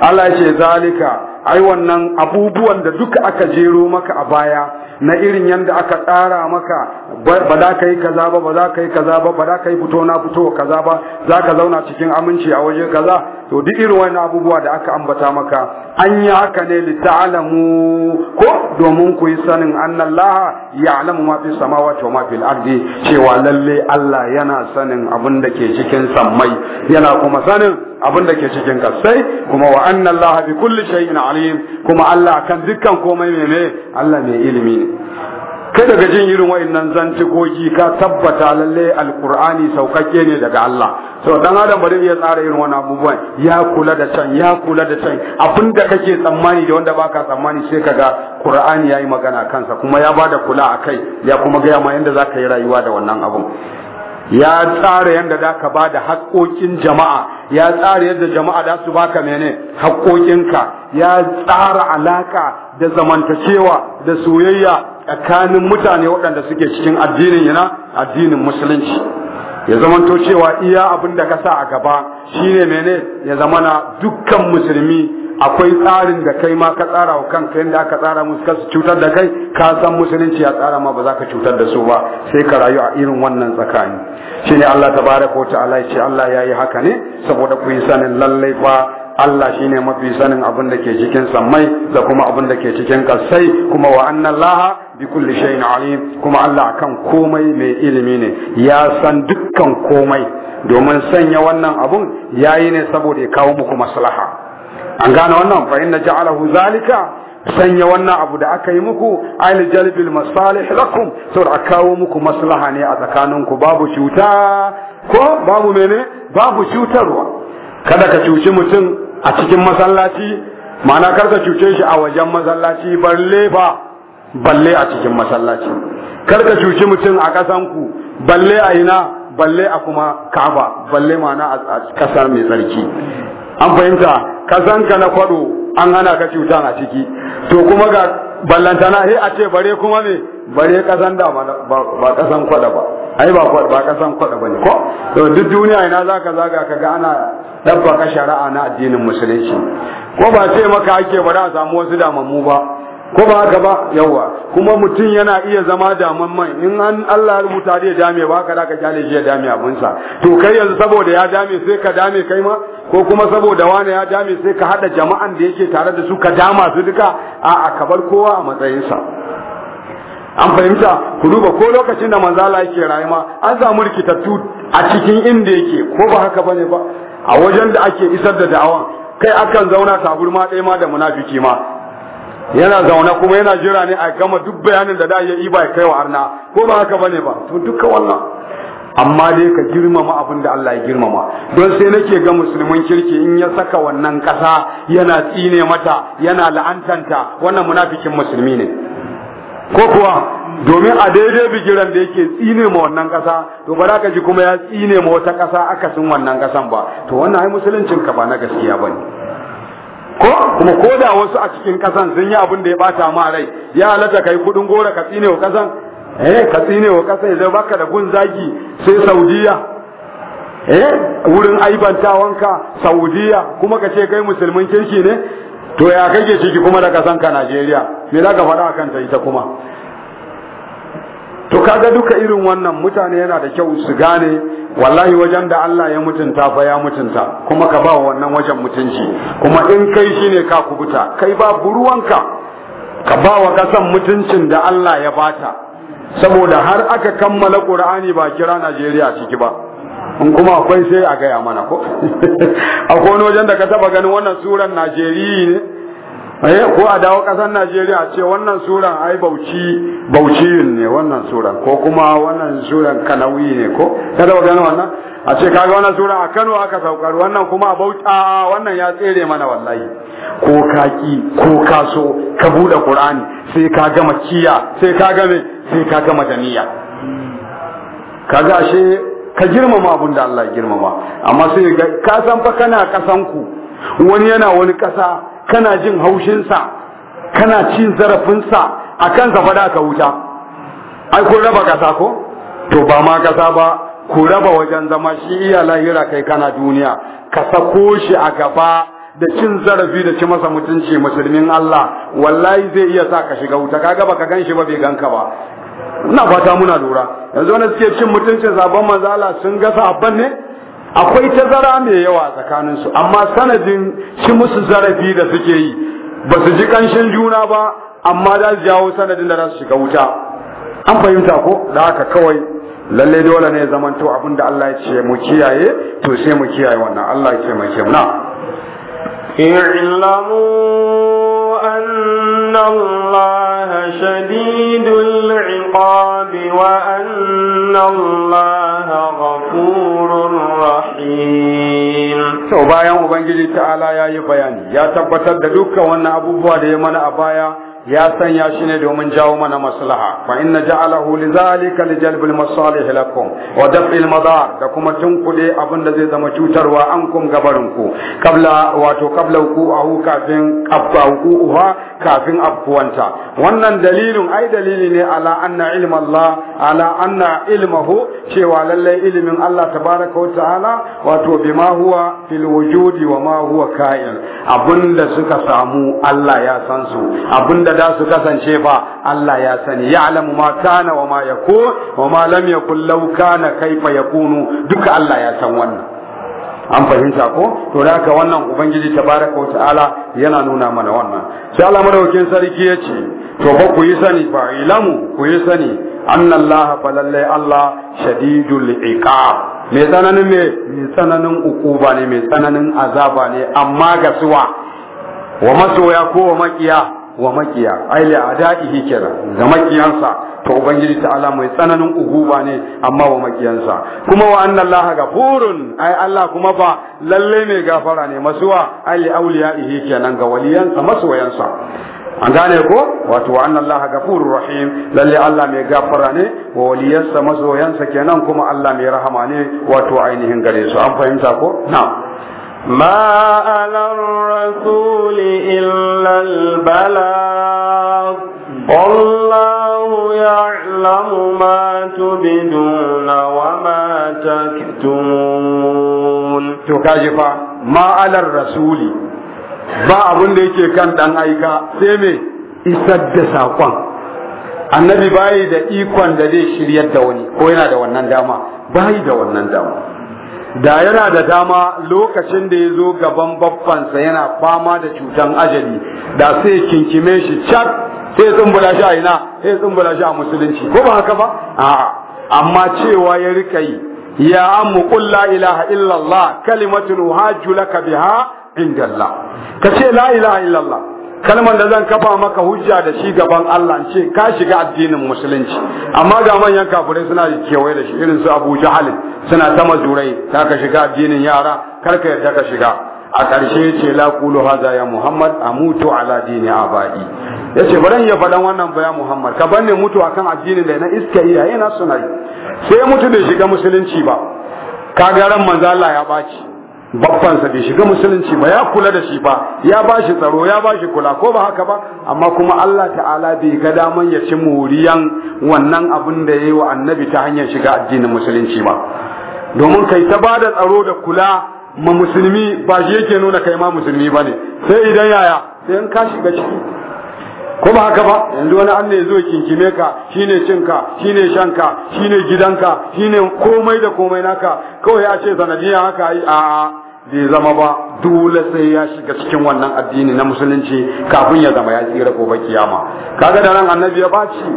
Allah ya ce zalika ai wannan abubuwan da duka aka jero maka a baya na irin yanda aka tsara maka ba za ka yi kaza ba ba za ka yi kaza ba ba za ka yi fito na fito kaza ba za ka zauna cikin aminci a waje kaza to duk irin wannan abubuwa da aka ambata maka an yi haka ne li ta'lamu ko domin ku yi sanin annallaha ya'lamu ma fi samawati wa ma fil ardi cewa lalle Allah yana sanin abin da ke cikin sammai yana kuma sanin abin da ke cikin kasai kuma wa annallaha bi kulli shay'in alim kuma Allah kan dukkan komai meme Allah mai ilimi kai daga jin irin wayannan zantikoki ka tabbata lalle alqur'ani saukakke ne daga Allah so dan adam bari ya tsara irin wannan abubuwan ya kula da can ya kula da can abinda kake tsammani da wanda baka tsammani sai kaga qur'ani yayi magana kansa kuma ya bada kula akai ya kuma ga ma yanda zaka yi rayuwa da wannan abun ya tsara yadda zaka ka ba da haƙoƙin jama'a ya tsara yadda jama'a za su baka mene haƙoƙinka ya tsara alaƙa da zamantakewa da soyayya tsakanin mutane waɗanda suke cikin addinin yana addinin musulunci ya zamanto cewa iya abin da ka sa a gaba shine mene ya zamana dukkan musulmi akwai tsarin da kai ma ka tsara wa kanka yadda aka tsara musu kasu cutar da kai ka san musulunci ya tsara ma ba za ka cutar da su ba sai ka rayu a irin wannan tsakani shine Allah tabaraka wa ta'ala ya ce Allah yayi haka ne saboda ku yi sanin lallai fa Allah shine mafi sanin abin da ke cikin sammai da kuma abin da ke cikin kasai kuma wa laha. bikulli shay'in alim kuma Allah kan komai mai ilimi ne ya san dukkan komai domin sanya wannan abun yayi ne saboda ya kawo muku maslaha an gane wannan fa inna ja'alahu zalika sanya wannan abu da aka yi muku ayil jalbil masalih lakum saboda a kawo muku maslaha ne a tsakaninku babu cuta ko babu mene babu cutarwa kada ka cuci mutum a cikin masallaci ma'ana kar ka cuce shi a wajen masallaci balle ba balle a cikin masallaci kar ka cuci mutum a ku balle a ina balle a kuma kaba balle mana a ƙasa mai tsarki an fahimta kasanka na kwado an hana ka cutan a ciki to kuma ga ballantana he a ce bare kuma me bare kasan da ba kasan kwada ba ai ba ba kasan kwada ba ne ko to duk duniya ina zaka zaga ga ana dabba ka shari'a na addinin musulunci ko ba ce maka ake ba da samu wasu damammu ba ko ba haka ba yawa kuma mutum yana iya zama daman mai in an Allah ya rubuta da dame ba ka da ka kyale shi ya dame sa to kai yanzu saboda ya dame sai ka dame kai ma ko kuma saboda wani ya dame sai ka hada jama'an da yake tare da su ka dama su duka a a kabar kowa a matsayin sa. an fahimta ku duba ko lokacin da manzala yake rayuwa an samu rikitattu a cikin inda yake ko ba haka bane ba a wajen da ake isar da da'awa kai akan zauna taburma ɗaya ma da munafiki ma yana zaune kuma yana jira ne a gama duk bayanin da da ya yi ba kai wa arna ko ba haka bane ba to duka wannan amma dai ka girmama abin da Allah ya girmama don sai nake ga musulmin kirki in ya saka wannan kasa yana tsine mata yana la'antanta wannan munafikin musulmi ne ko kuwa domin a daidai bigiran da yake tsine ma wannan kasa to ba za ka ji kuma ya tsine ma wata kasa akasin wannan kasan ba to wannan ai musuluncin ka ba na gaskiya bane ko kuma ko da wasu a cikin kasan sun yi abin da ya bata ma rai ya halatta kai kudin gora ka tsine wa kasan eh ka tsine wa kasan zai baka da gun zaki sai saudiya eh wurin aibantawanka saudiya kuma ka ce kai musulmin kirki ne to ya kake ciki kuma da kasan ka Najeriya me za ka faɗa akan ta ita kuma to kaga duka irin wannan mutane yana da kyau su gane wallahi wajen da Allah ya mutunta fa ya mutunta kuma ka ba wannan wajen mutunci kuma in kai shine ka kubuta kai ba buruwanka ka ba wa kasan mutuncin da Allah ya bata saboda har aka kammala Qur'ani ba kira Najeriya ciki ba in kuma akwai sai a gaya mana ko akwai wajen da ka taba ganin wannan suran Najeriya ne eh ko a dawo kasan Najeriya ce wannan suran ai bauchi Bauchi ne wannan suran ko kuma wannan suran kanawi ne ko kada ba gano wannan a ce kaga wannan sura a Kano aka saukar wannan kuma a bauta wannan ya tsere mana wallahi ko kaki ko kaso ka bude Qur'ani sai ka ga makiya sai ka gama sai ka ga madaniya kaga ashe ka girmama abin da Allah ya girmama amma sai ka san fa kana kasan ku wani yana wani kasa kana jin haushinsa kana cin zarafinsa a kansa fada ka wuta ai kun raba kasa ko to ba ma kasa ba ku raba wajen zama shi iya lahira kai kana duniya ka sako shi a gaba da cin zarafi da ci masa mutunci musulmin Allah wallahi zai iya sa ka shiga wuta kaga baka gan shi ba bai ganka ba ina fata muna lura yanzu wani suke cin mutuncin sabon manzala sun ga sabon ne akwai tazara mai yawa tsakaninsu amma sanadin shi musu zarafi da suke yi ba su ji kanshin juna ba amma za su jawo sanadin da za su shiga wuta an fahimta ko da haka kawai Lallai dole ne zaman to abin da Allah ya ce mu kiyaye to sai mu kiyaye wannan Allah ya ce mu kiyaye na اعلموا أن الله شديد العقاب وأن الله غفور الرحيم to bayan ubangiji ya yi bayani ya tabbatar da dukka wannan abubuwa da ya mana a baya ya sanya shi ne domin jawo mana maslaha fa inna ja'alahu lidhalika lijalb almasalih lakum wa daf'il madar da kuma tunkude abin da zai zama cutarwa an kum gabarin ku kabla wato kabla ku kafin abba uha kafin afkuwanta wannan dalilin ai dalili ne ala anna ilma ilmahu cewa lallai ilimin Allah tabaraka wa ta'ala wato bima huwa fil wujudi wa ma huwa ka'il abinda suka samu Allah ya san su abinda da su kasance fa Allah ya sani ya'lamu ma kana wa ma yakun wa ma lam yakun law kana kaifa yakunu duka Allah ya san wannan an fahimta ko to da haka wannan ubangiji tabaraka ta'ala yana nuna mana wannan sai Allah madaukakin sarki ce. to ba ku yi sani ba ilamu ku yi sani annallaha lallai Allah shadidul iqab me sananin me me tsananin ukuba ne me tsananin azaba ne amma ga suwa wa masoya ko wa makiya wa makiya ai li adaihi kira ga makiyansa to ubangiji ta'ala mai tsananin uguba ne amma wa makiyansa kuma wa annallaha gafurun ai Allah kuma ba lalle mai gafara ne masuwa ai li auliya'ihi kenan ga waliyansa masoyansa an gane ko wato wa anna allaha ghafurur rahim lalle allah mai gafara ne wa waliyarsa masoyansa kenan kuma allah mai rahama ne wato ainihin gare su an fahimta ko na'am ما على الرسول إلا البلاغ والله يعلم ما تبدون وما تكتمون تكاجفا ما على الرسول ba abin da yake kan dan aika sai me isar da sakon annabi bayi da ikon da zai shiryar da wani ko yana da wannan dama bayi da wannan dama da yana da dama lokacin da ya zo gaban babbansa yana fama da cutan ajali da sai kinkime shi cak sai tsumbula shi a ina sai tsumbula shi a musulunci ko ba haka ba a'a amma cewa ya rika yi ya ammu qul la ilaha illallah kalimatun uhajju laka biha inda Allah ka ce la ilaha illallah kalmar da zan kafa maka hujja da shi gaban Allah ce ka shiga addinin musulunci amma ga manyan kafirai suna kewaye da shi irin su Abu Jahal suna ta mazurai ta ka shiga addinin yara karka ka yarda ka shiga a ƙarshe ce la qulu hadha ya Muhammad amutu ala dini abadi yace bari ya faɗan wannan baya Muhammad ka banne mutu akan addinin da na iska iyaye yana suna sai mutu bai shiga musulunci ba ga ran manzo Allah ya baci babbansa bai shiga musulunci ba ya kula da shi ba ya ba shi tsaro ya ba shi kula ko ba haka ba amma kuma Allah ta'ala bai ga daman ya ci muriyan wannan abin da ya yi wa annabi ta hanyar shiga addinin musulunci ba domin kai ta ba da tsaro da kula ma musulmi ba shi yake nuna kai ma musulmi ba ne sai idan yaya sai in ka shiga ciki ko ba haka ba yanzu wani an ne zo kinkime ka shine cinka shine shanka shine gidanka shine komai da komai naka kawai ya ce sanadiyar haka ai a bai zama ba dole sai ya shiga cikin wannan addini na musulunci kafin ya zama ya tsira gobe kiyama kaga da nan annabi ya baci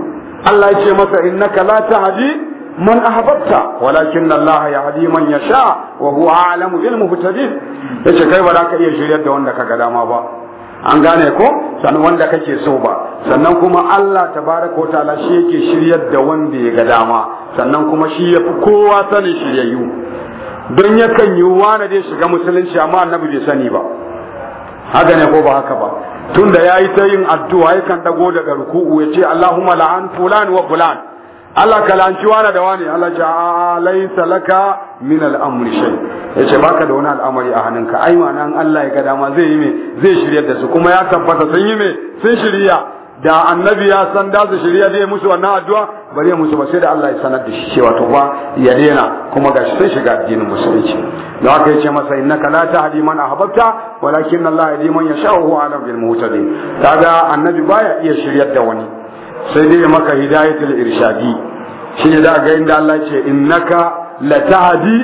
Allah ya ce masa innaka la tahdi man ahbabta walakin Allah yahdi man yasha wa huwa a'lamu bil muhtadin yace kai ba za ka iya shiryar da wanda kaga dama ba an gane ko san wanda kake so ba sannan kuma Allah tabaraka ta'ala shi yake shiryar da wanda ya ga dama sannan kuma shi ya fi kowa sanin shiryayyu don yakan yi wani da shiga musulunci amma annabi bai sani ba haka ne ko ba haka ba tunda yayi ta yin addu'a yakan dago daga ruku'u ya ce Allahumma la'an fulan wa fulan Allah kalanci na wani da wani Allah ja laisa laka min al'amri shay yace baka da wani al'amari a hannunka ai an Allah ya ga dama zai yi me zai shirya da su kuma ya tabbata sun yi me sun shirya da annabi ya san da su shirya zai musu wannan addu'a bari ya musu ba sai da Allah ya sanar da shi cewa to ba ya daina kuma gashi sai shiga addinin musulunci da haka yace masa innaka la tahdi man ahbabta walakin Allah yahdi man yasha'u wa alam bil kaga annabi baya iya shiryar da wani sai dai maka hidayatul irshadi shine da ga inda Allah ce innaka la tahdi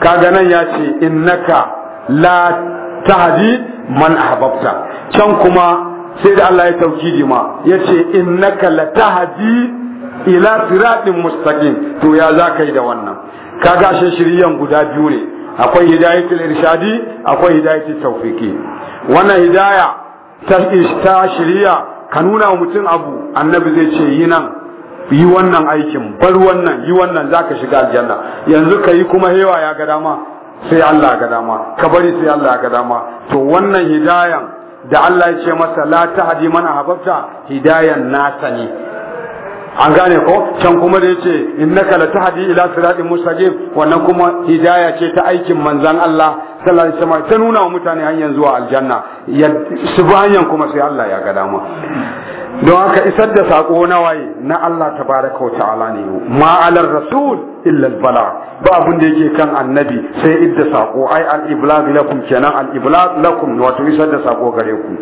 kaga nan ya ce innaka la tahdi man ahbabta can kuma sai da Allah ya taukidi ma yace innaka la tahdi ila siratin mustaqim to ya za yi da wannan kaga ashe shiriyan guda biyu ne akwai hidayatul irshadi akwai hidayatul tawfiqi wannan hidaya ta shiriya ka nuna wa mutum abu annabi zai ce yi nan yi wannan aikin bar wannan yi wannan za ka shiga aljanna yanzu ka yi kuma hewa ya ga dama sai Allah ga dama ka bari sai Allah ga dama to wannan hidayan da Allah ya ce masa la tahdi man ahbabta hidayan nasa ne an gane ko can kuma da yace innaka la tahdi ila siratin mustaqim wannan kuma hidaya ce ta aikin manzon Allah sallallahu alaihi wasallam ta nuna wa mutane hanyar zuwa aljanna ya su bi hanyar kuma sai Allah ya ga dama don haka isar da sako na waye na Allah tabaraka wa ta'ala ne ma alar rasul illa bala ba abin da yake kan annabi sai idda sako ai al lakum kenan al iblag lakum wato isar da sako gare ku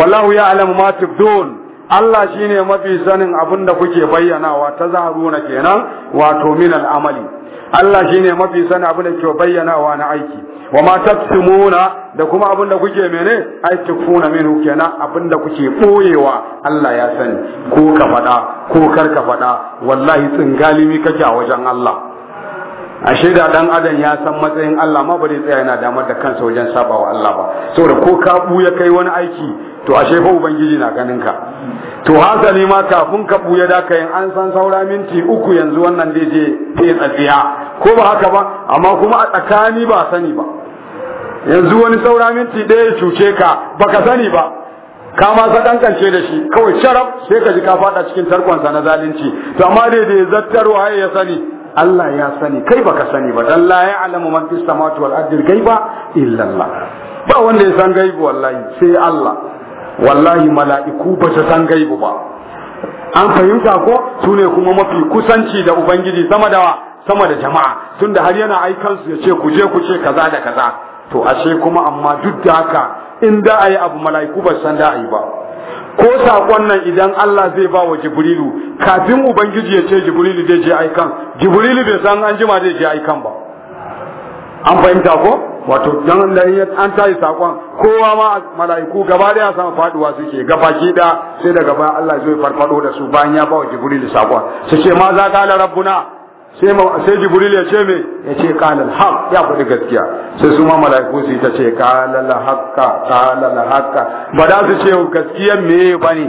wallahu ya'lamu ma tubdun Allah shine mafi sanin abin da kuke bayyanawa ta zaharuna kenan wato min al amali Allah shine mafi sanin abin da ke bayyanawa na aiki wa ma taktumuna da kuma abin da kuke mene ai tukuna minhu kenan abin da kuke boyewa Allah ya sani ko ka faɗa ko kar ka faɗa wallahi tsingalimi kake a wajen Allah ashe da dan adam ya san matsayin Allah ma ba zai tsaya yana damar da kansa wajen sabawa Allah ba saboda ko ka buya kai wani aiki to ashe fa ubangiji na ganinka. to hasali ma kafin ka buya da ka yin an san saura minti uku yanzu wannan da je zai ko ba haka ba amma kuma a tsakani ba sani ba yanzu wani saura minti ɗaya cuce ka ba ka sani ba ka ma sa da shi kawai sharaf sai ka ji ka faɗa cikin tarkonsa na zalunci to amma dai da haye ya sani Allah ya sani kai baka sani ba dan la ya'lamu man fis samawati wal ardi ghaiba illa Allah ba wanda ya san gaibu wallahi sai Allah wallahi mala'iku ba su san gaibu ba an fahimta ko su kuma mafi kusanci da ubangiji sama da sama da jama'a tunda har yana aikansu ya ce ku je ku ce kaza da kaza to ashe kuma amma duk da haka in da a yi abu mala'iku ba san da yi ba ko sakon nan idan Allah zai ba wa Jibrilu kafin ubangiji ya ce Jibrilu zai je aikan Jibrilu bai san an jima zai je aikan ba an fahimta ko wato dan da an tayi sakon kowa ma mala'iku gaba da ya samu faduwa suke gabaki da sai daga bayan Allah zai farfado da su bayan ya ba Jibril sakon su ce ma za ka la rabbuna sai sai Jibril ya ce me ya ce qala al ya faɗi gaskiya sai su ma mala'iku su ta ce qala al haqqa qala al haqqa ba da su ce gaskiya me bane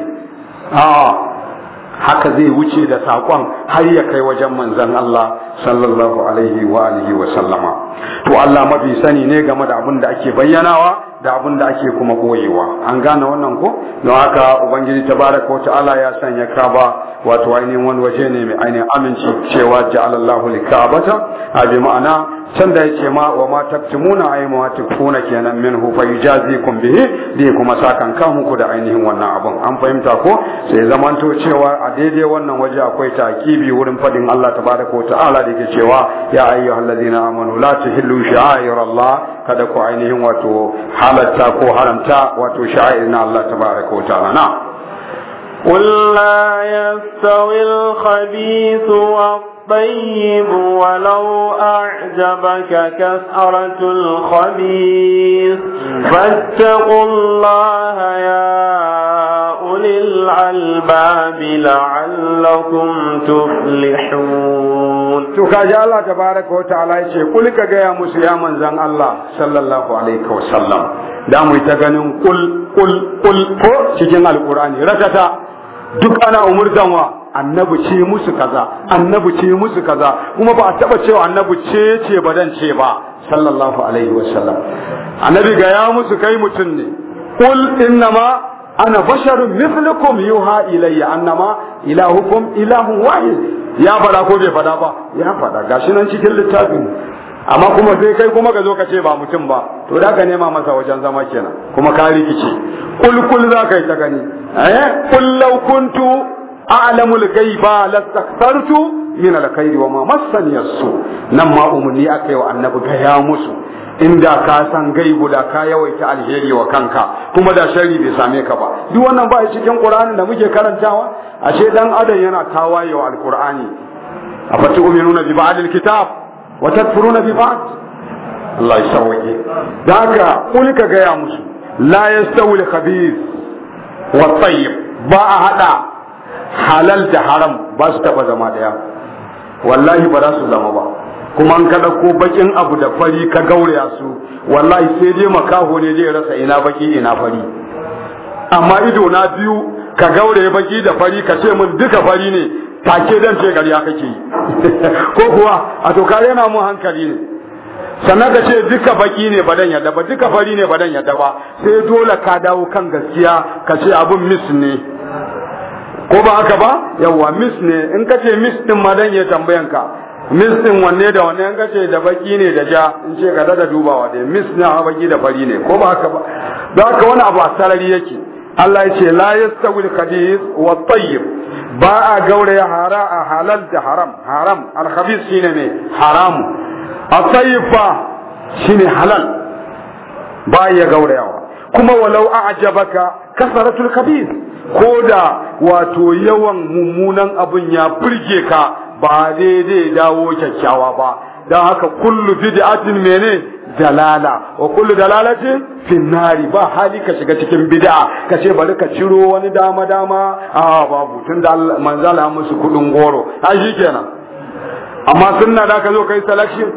a haka zai wuce da sakon har ya kai wajen manzon Allah sallallahu alaihi wa alihi wa sallama to Allah mafi sani ne game da abin da ake bayyanawa da abin da ake kuma koyewa an gane wannan ko don haka ubangiji tabaraka wa ta'ala ya sanya kaba wato ainihin wani waje ne mai ainihin aminci cewa ja'alallahu likabata a bi ma'ana can da yace ma wa ma taktumuna ay ma tukuna kenan minhu fa yujazikum bihi bi kuma sakan kan muku da ainihin wannan abun an fahimta ko sai zamanto cewa a daidai wannan waje akwai takibi wurin fadin Allah tabaraka ta'ala da yake cewa ya ayyuhallazina amanu la tuhillu sha'airallah kada ku ainihin wato halatta ko haramta wato sha'air na Allah tabaraka ta'ala قل لا يستوي الخبيث والطيب ولو أعجبك كثرة الخبيث فاتقوا الله يا أولي العلباب لعلكم تفلحون تكاجى الله تبارك وتعالى قلك يا مسلم زن الله صلى الله عليه وسلم دام يتغنون قل قل قل قل تجنى القرآن رتتا duk ana umurtan wa annabi ce musu kaza annabi ce musu kaza kuma ba a taba cewa annabi ce ce ba dan ce ba sallallahu alaihi wasallam annabi ga ya musu kai mutum ne qul innama ana basharun mithlukum yuha ilayya annama ilahukum ilahun wahid ya fada ko bai fada ba ya fada gashi nan cikin littafin amma kuma sai kai kuma ka zo ka ce ba mutum ba to da ka nema masa wajen zama kenan kuma ka rikice kul kul za ka yi ta gani eh kul law kuntu a'lamu al-ghaiba lastakthartu min al wa ma massani as nan ma umni akai wa annabi ga ya musu inda ka san gaibu da ka yawaita alheri wa kanka kuma da sharri bai same ka ba duk wannan ba cikin Qur'ani da muke karantawa ashe dan adam yana tawayewa al-Qur'ani afatu uminuna bi ba'd al-kitab wa tadfuruna bi ba'd Allah ya sauke daga kul ka gaya musu la yastawi al-khabith wa tayyib ba a hada halal da haram ba su taba zama ɗaya. wallahi ba za su zama ba kuma an ka ko bakin abu da fari ka gauraya su wallahi sai dai makaho ne zai rasa ina baki ina fari amma ido na biyu ka gaure baki da fari ka ce min duka fari ne take zan ce aka ke yi ko kuwa a to kare na mu hankali ne sannan ka ce duka baki ne badan yadda ba duka fari ne badan yadda ba sai dole ka dawo kan gaskiya ka ce abun mis ne ko ba haka ba yawwa mis ne in ka ce mis din madan ya tambayan ka mis din wanne da wanne in ka ce da baki ne da ja in ce ka da dubawa dai mis ne a baki da fari ne ko ba haka ba don haka wani abu a sarari yake Allah ya ce la yastawil khabith wa tayyib ba a gauraya hara a halal da haram haram alkhabis shine ne haramu atayyiba shine halal ba ya gaurayawa kuma walau a'jabaka kasaratul khabis koda wato yawan mummunan abun ya burge ka ba daidai dawo kyakkyawa ba Da haka kullu bid'atin mene dalala wa kullu dalalatin fi nari ba hali ka shiga cikin bid'a ka ce bari ka ciro wani dama dama a babu tun da manzala musu kudin goro a kenan amma sunna da ka zo kai selection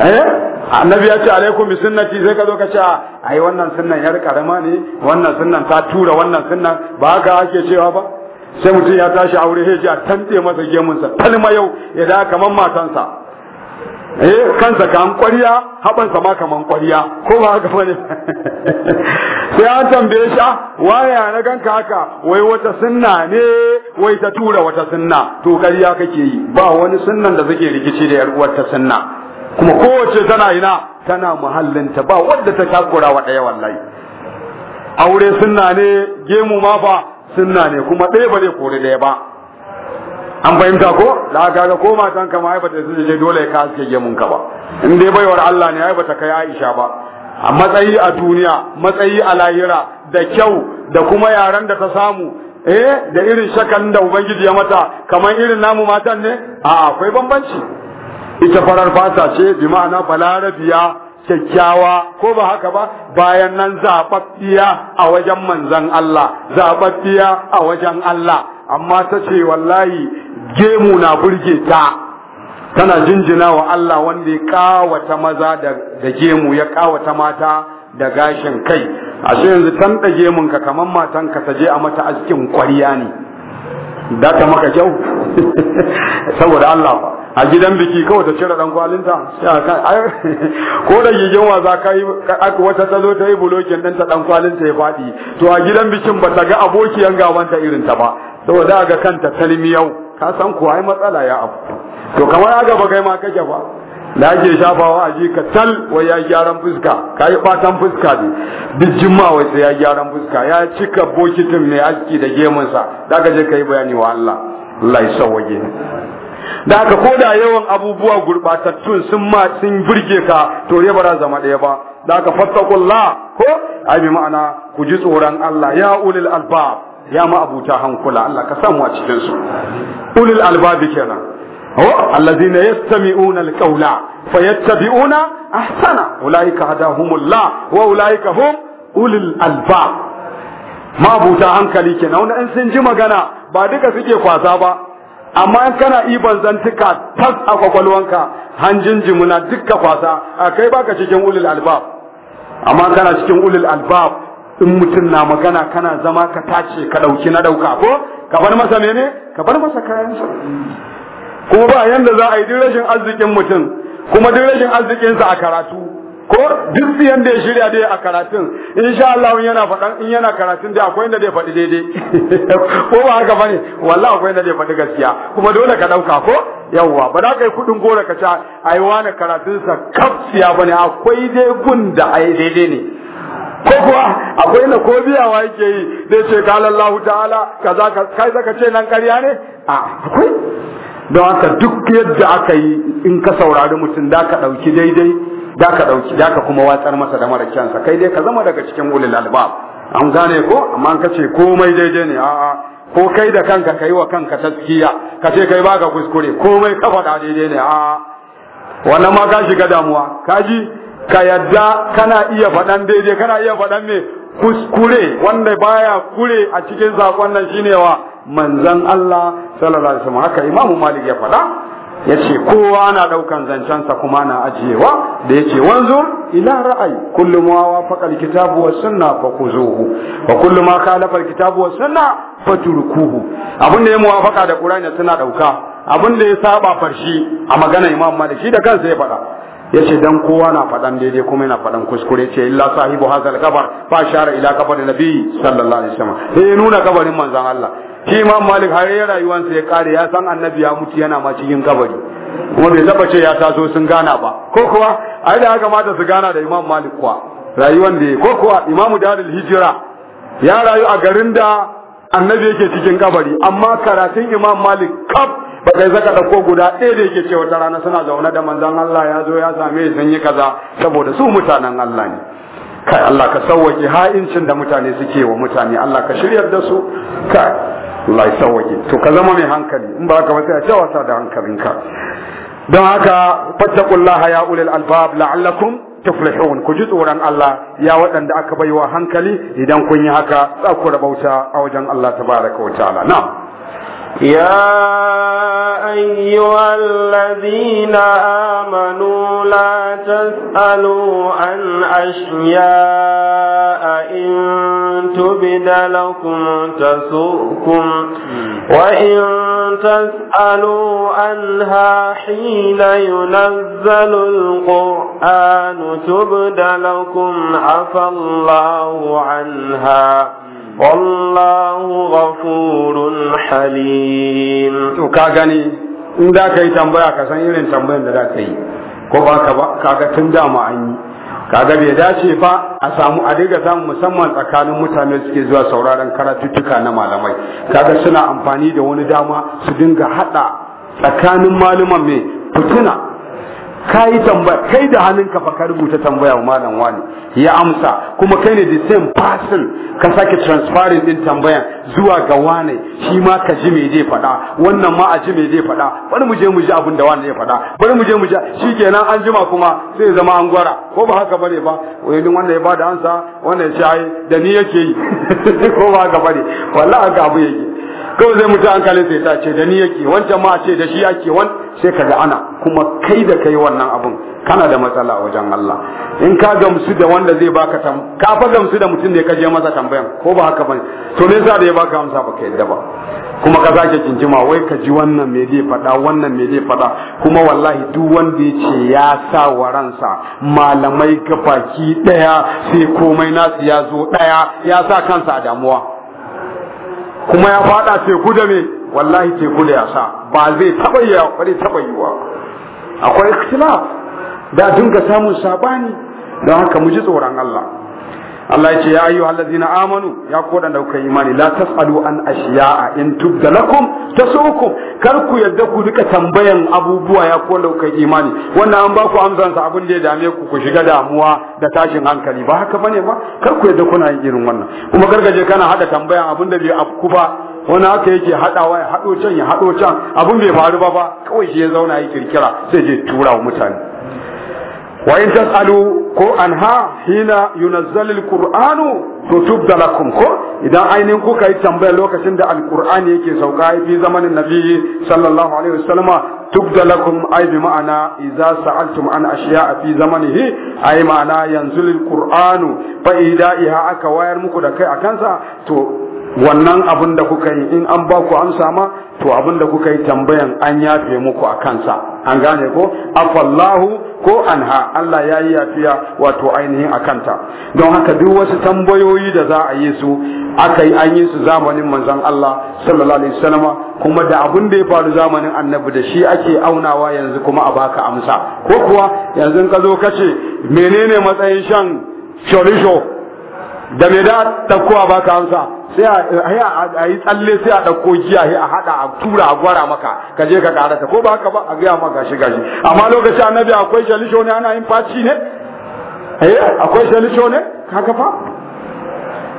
eh annabi ya ce alaikum bi sunnati sai ka zo ka ce ai wannan sunnan yar karama ne wannan sunnan ta tura wannan sunnan ba haka ake cewa ba sai mutum ya tashi aure sai ya tantse masa gemunsa talma yau ya da kamar matansa eh kansa kaman ƙwariya haɓansa ma kaman ƙwariya ko ba haka bane sai an tambaye shi ah, waya na ganka haka wai wata sunna ne wai ta tura wata sunna to ƙarya kake yi ba wani sunnan da zake rikici da yar uwar ta sunna kuma kowace tana ina tana muhallin ta, ba wanda ta takura wa ɗaya wallahi aure sunna ne gemu ma fa sunna ne kuma ɗaya bane kore daya ya ba an fahimta ko da haka ga ko matan ka ma bata je dole ka ge gemun ka ba in dai baiwar Allah ne ai bata kai Aisha ba a matsayi a duniya matsayi a lahira da kyau da kuma yaran da ta samu eh da irin shakan da ubangiji ya mata kamar irin namu matan ne a akwai bambanci ita farar fata ce bi ma'ana balarabiya kyakkyawa ko ba haka ba bayan nan zaɓaɓɓiya a wajen manzan Allah zaɓaɓɓiya a wajen Allah amma ta ce wallahi gemu na burge ta tana jinjina wa Allah wanda ya kawata maza da gemu ya kawata mata da gashin kai A shi yanzu tan da gemun ka kaman matan ka je a mata askin kwariya ne da ta maka kyau saboda Allah ba a gidan biki kawai ta cire dan kwalinta ko da gigin wasa kai wata ta zo ta yi bulokin ɗinta dan kwalinta ya faɗi to a gidan bikin ba ta ga abokiyan gawanta irin ta ba saboda ga kanta talmiyau ka san ko ai matsala ya abu to kamar haka ba kai ma kake ba da ake shafawa a ka tal wai ya gyaran fuska ka yi fatan fuska ne duk jimma wai sai ya gyaran fuska ya cika bokitin mai aski da gemunsa da ka je ka yi bayani wa Allah Allah ya sauwaje da aka koda yawan abubuwa gurbatattun sun ma sun burge ka to ya bara zama ɗaya ba da aka fattakullah ko ai bi ma'ana ku ji tsoron Allah ya ulil albab ya ma hankula Allah ka samu a cikin su ulul albabi kenan oh allazina yastami'una alqawla fayattabi'una ahsana ulaika hadahumullah wa ulaika hum Ulil albab ma hankali kenan wanda in sun ji magana ba duka suke kwasa ba amma in kana iban zantuka tas a kwakwalwanka hanjin jimuna duka kwasa a kai baka cikin ulil albab amma kana cikin ulil albab in mutum na magana kana zama ka tace ka ɗauki na ɗauka ko ka bar masa mene ka bar masa kayansa kuma ba yanda za a yi duk rashin arzikin mutum kuma duk rashin arzikinsa a karatu ko duk siyan da ya shirya dai a karatun insha Allah in yana faɗan in yana karatun dai akwai inda zai faɗi daidai ko ba haka bane wallahi akwai inda zai faɗi gaskiya kuma dole ka ɗauka ko yawwa ba za ka yi kuɗin gora ka ca ai wani karatunsa kafsiya bane akwai dai gun da ai daidai ne ko kuwa akwai na ko biyawa yake yi da ce kala Allah ta'ala kaza kai zaka ce nan kariya ne a akwai don haka duk yadda aka yi in ka saurari mutum da ka ɗauki daidai da ka ɗauki da ka kuma watsar masa da mara kyansa kai dai ka zama daga cikin ulil albab an gane ko amma an kace komai daidai ne a'a ko kai da kanka kai wa kanka taskiya ka ce kai baka kuskure komai ka faɗa daidai ne a'a wannan ma ka shiga damuwa kaji ka yadda kana iya faɗan daidai kana iya faɗan me kuskure wanda baya kure a cikin sakon nan shine wa manzan Allah sallallahu alaihi wasallam haka imamu malik ya faɗa yace kowa na daukan zancensa kuma na ajiyewa da yace wanzur ila ra'ayi kullu ma wafaqa alkitabu was sunna fakuzuhu wa kullu ma khalafa alkitabu was sunna abin da ya muwafaka da qur'ani suna dauka abin da ya saba farshi a magana imam malik shi da kansa ya faɗa yace dan kowa na faɗan daidai kuma yana faɗan kuskure ce illa sahibu hazal kabar fa shara ila kabar nabi sallallahu alaihi wasallam sai nuna kabarin manzon Allah shi imam malik har ya rayuwansa ya kare ya san annabi ya mutu yana ma cikin kabari kuma bai taba ce ya taso sun gana ba ko kuwa ai da haka mata su gana da imam malik kuwa rayuwan da ko kuwa imam darul hijira ya rayu a garin da annabi yake cikin kabari amma karatun imam malik kaf ba kai zaka dauko guda ɗaya da yake cewa ta rana suna zaune da manzan Allah ya zo ya same shi sun yi kaza saboda su mutanen Allah ne kai Allah ka sauwake ha'incin da mutane suke wa mutane Allah ka shiryar da su kai Allah ya to ka zama mai hankali in ba ka ba sai a wasa da hankalinka don haka fattakullah ya ulil albab la'allakum tuflihun ku ji tsoron Allah ya waɗanda aka baiwa hankali idan kun yi haka za ku rabauta a wajen Allah tabaraka wa ta'ala na'am يا أيها الذين آمنوا لا تسألوا عن أشياء إن تبد لكم تسؤكم وإن تسألوا عنها حين ينزل القرآن تبد لكم عفى الله عنها wallahu ghafurun halim to ka gani in da ka yi tambaya ka san irin tambayan da za ka yi ko ba ka ba kaga tun dama an yi kaga bai dace fa a samu a dinga samu musamman tsakanin mutane suke zuwa sauraron karatuttuka na malamai kaga suna amfani da wani dama su dinga hada tsakanin maluman mai fitina. ka yi tambaya kai da hannunka fa ka rubuta tambaya wa malam wani ya amsa kuma kai ne the same person ka sake transferring din tambayan zuwa ga wani shi ma ka ji me zai faɗa wannan ma a ji me zai faɗa bari mu je mu ji abin da wani zai faɗa bari mu je mu ji shi kenan an jima kuma sai zama an gwara ko ba haka bane ba wani wanda ya bada ansa wanda ya ai da ni yake yi ko ba haka bane wallahi haka abu yake kawai zai mutu an kalin sai ta ce da ni yake wancan ma ce da shi yake wan sai kaga ana kuma kai da kai wannan abun kana da matsala a wajen Allah in ka gamsu da wanda zai baka tam ka fa gamsu da mutum ne ka je masa tambayan ko ba haka bane to me yasa da ya baka amsa ba baka yadda ba kuma ka sake kinjima wai ka ji wannan me zai faɗa wannan me zai faɗa kuma wallahi duk wanda ya ce ya sa wa ransa malamai gabaki ɗaya sai komai nasu ya zo ɗaya ya sa kansa a damuwa kuma ya fada teku da me wallahi teku da yasa ba zai taba yi ba zai taba yi wa akwai ikhtilaf da dinga samun sabani don haka mu ji tsoron Allah Allah ya ce ya ayyuha allazina amanu ya kodan da kuka imani la tasalu an ashiya'a in tubda lakum tasukum kar ku yadda ku rika tambayan abubuwa ya kodan da imani wannan an ba ku amsan sa abin da ya dame ku ku shiga damuwa da tashin hankali ba haka bane ba kar ku yadda kuna yin irin wannan kuma gargaje kana hada tambayan abin da bai afku ba wani haka yake hadawa ya hado can ya hado can abun bai faru ba ba kawai shi ya zauna ya kirkira sai je tura mutane wa in tasalu ko anha hina yunazzalu alqur'anu tutubda lakum ko idan ainihin kuka yi tambaya lokacin da alqur'ani yake sauka fi zamanin nabi sallallahu alaihi wasallama tubda lakum ay bi ma'ana idza sa'altum an ashiya'a fi zamanihi ay ma'ana yanzulu alqur'anu fa idaiha aka wayar muku da kai akansa to wannan abin da kuka yi in an ba ku amsa ma to abin da kuka yi tambayan an yafe muku a kansa an gane ko afallahu ko anha Allah ya yi yafiya wato ainihin a kanta don haka duk wasu tambayoyi da za a yi su aka yi an yi su zamanin manzon Allah sallallahu alaihi wasallam kuma da abin da ya faru zamanin annabi da shi ake aunawa yanzu kuma a baka amsa ko kuwa yanzu ka zo ka ce menene matsayin shan chorizo da me da ta baka amsa sai a yi tsalle sai a ɗauko giya a haɗa a tura a gwara maka ka je ka ta ko ba haka ba a gaya maka gashi gashi amma lokacin annabi akwai shalisho ne ana yin faci ne eh akwai shalisho ne ka fa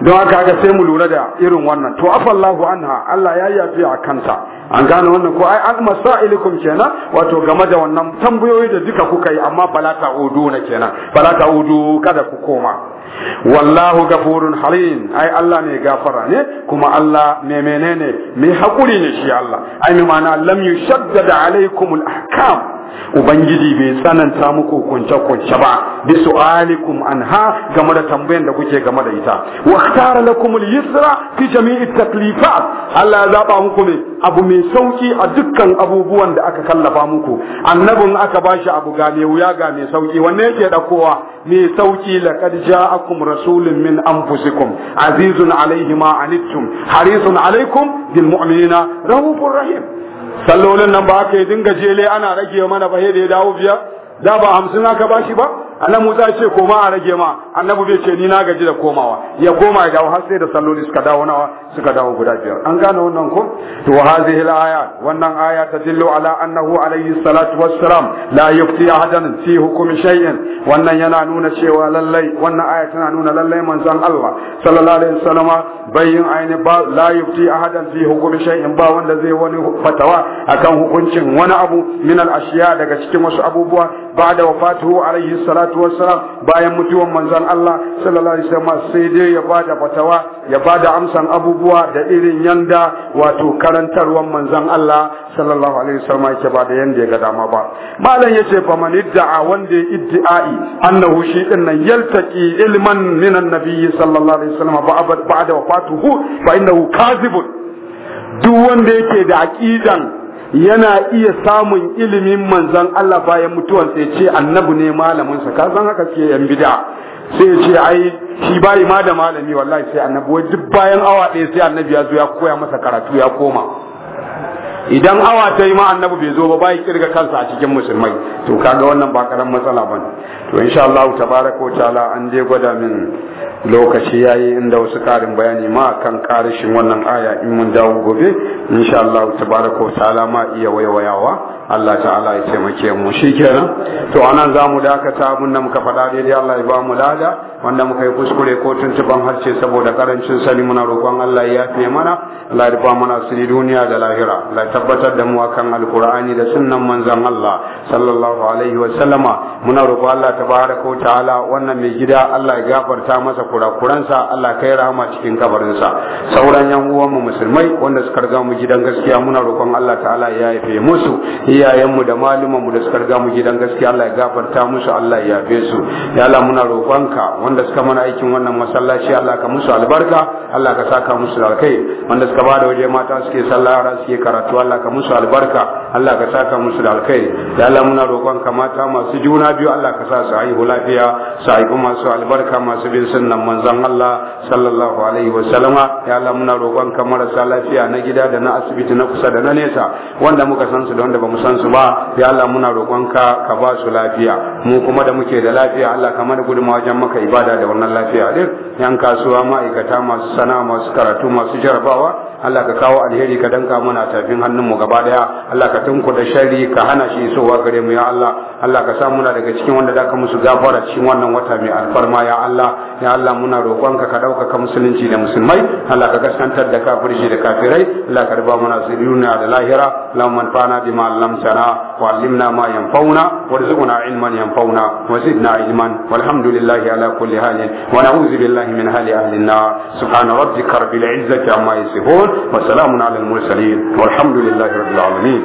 don haka ga sai mu lura da irin wannan to afallahu anha Allah ya yi a kanta an gane wannan ko ai an masailikum kenan wato game da wannan tambayoyi da duka kuka yi amma bala udu na kenan bala udu kada ku koma wallahu gafurun halim ai Allah ne gafara ne kuma Allah ne menene mai hakuri ne shi Allah ai mai ma'ana lam yushaddada alaikumul ahkam ubangiji bai tsananta muku kunce kunce ba bi su'alikum anha game da tambayan da kuke game da ita wa ikhtara lakum al-yusra fi jami'i taklifat Allah ya muku ne abu mai sauƙi a dukkan abubuwan da aka kallafa muku annabin aka bashi abu gane wuya ga mai sauki wanne yake da kowa mai sauki laqad akum rasulun min anfusikum azizun alayhi ma anittum harisun alaykum bil mu'minina rahufur rahim sallolin nan ba aka yi dinga jele ana rage mana ba da ya dawo biyar da ba hamsin aka bashi ba annabi Musa ce koma a rage ma annabi bai ce ni na gaji da komawa ya koma ya dawo har sai da salloli suka dawo nawa suka dawo guda biyar an gane wannan ko to wa hadhihi al-aya wannan aya ta dillu ala annahu alayhi salatu wassalam la yufti ahadan fi hukmi shay'in wannan yana nuna cewa lallai wannan aya tana nuna lallai manzon Allah sallallahu alaihi wasallama Bayin aini ba la yufti ahadan fi hukumi shay'in ba wanda zai wani fatawa akan hukuncin wani abu min al ashiya daga cikin wasu abubuwa ba'da wafatuhu alaihi salatu wassalam bayan mutuwan manzon Allah sallallahu alaihi wasallam sai dai ya bada fatawa ya bada amsan abubuwa da irin yanda wato karantarwan manzon Allah sallallahu alaihi wasallam yake ba da yanda ya ga dama ba malam yace fa man idda'a wanda ya iddi'ai annahu shi din nan yaltaki ilman min annabi sallallahu alaihi wasallam ba'da wafatuhu bid'atuhu fa innahu kadhibun duk wanda yake da aqidan yana iya samun ilimin manzon Allah bayan mutuwan sai ce annabi ne malamin sa kazan haka ke yan bid'a sai ce ai shi bai ma da malami wallahi sai annabi wai duk bayan awa ɗaya sai annabi ya zo ya koya masa karatu ya koma idan awa ta yi ma annabi bai zo ba bai kirga kansa a cikin musulmai to kaga wannan ba karan matsala bane to insha Allah tabaraka wa ta'ala an je gwada min lokaci yayi inda wasu karin bayani ma kan karishin wannan aya in mun dawo gobe insha Allah tabaraka wa ta'ala ma iya waiwayawa Allah ta'ala ya taimake mu kenan to anan zamu dakata mun nan muka faɗa daidai Allah ya ba mu lada wanda muka yi kuskure ko tuntuban harce saboda karancin sani muna roƙon Allah ya yafe mana Allah ya ba mana asiri duniya da lahira ya tabbatar da mu akan alqur'ani da sunnan manzon Allah sallallahu alaihi wa sallama muna roƙon Allah tabaraka ta'ala wannan mai gida Allah ya gafarta masa kurakuransa Allah kai rahama cikin kabarinsa sauran yan uwan mu musulmai wanda suka riga mu gidan gaskiya muna roƙon Allah ta'ala ya yafe musu iyayenmu da malumanmu da suka riga mu gidan gaskiya Allah ya gafarta musu Allah ya yafe su ya Allah muna roƙonka wanda suka mana aikin wannan masallaci Allah ka musu albarka Allah ka saka musu alkai wanda suka bada waje mata suke sallah yara suke karatu Allah ka musu albarka Allah ka saka musu da alkai ya Allah muna roƙonka mata masu juna biyu Allah ka sa su haihu lafiya su haihu masu albarka masu bin sunnan manzon Allah sallallahu alaihi wa sallama ya Allah muna roƙonka marasa lafiya na gida da na asibiti na kusa da na nesa wanda muka san su da wanda ba mu san su ba ya Allah muna roƙonka ka ba su lafiya mu kuma da muke da lafiya Allah ka mana gudunmawa wajen maka ibada da wannan lafiya din yan kasuwa ma'aikata masu sana'a masu karatu masu jarabawa Allah ka kawo alheri ka danka mana tafin hannunmu gaba daya Allah ka da sharri ka hana shi isowa gare mu ya Allah Allah ka sa muna daga cikin wanda zaka musu gafara cikin wannan wata mai alfarma ya Allah ya Allah muna roƙonka ka ɗaukaka musulunci da musulmai Allah ka gaskantar da kafirci da kafirai Allah ka riba mana zuriya da lahira lahu man fana bima lam sana wa allimna ma yanfa'una warzuqna ilman yanfa'una wa a ilman walhamdulillahi ala kulli halin wa na'udzu billahi min hali ahli an-nar subhana rabbika rabbil izzati amma yasifun wa salamun alal mursalin walhamdulillahi rabbil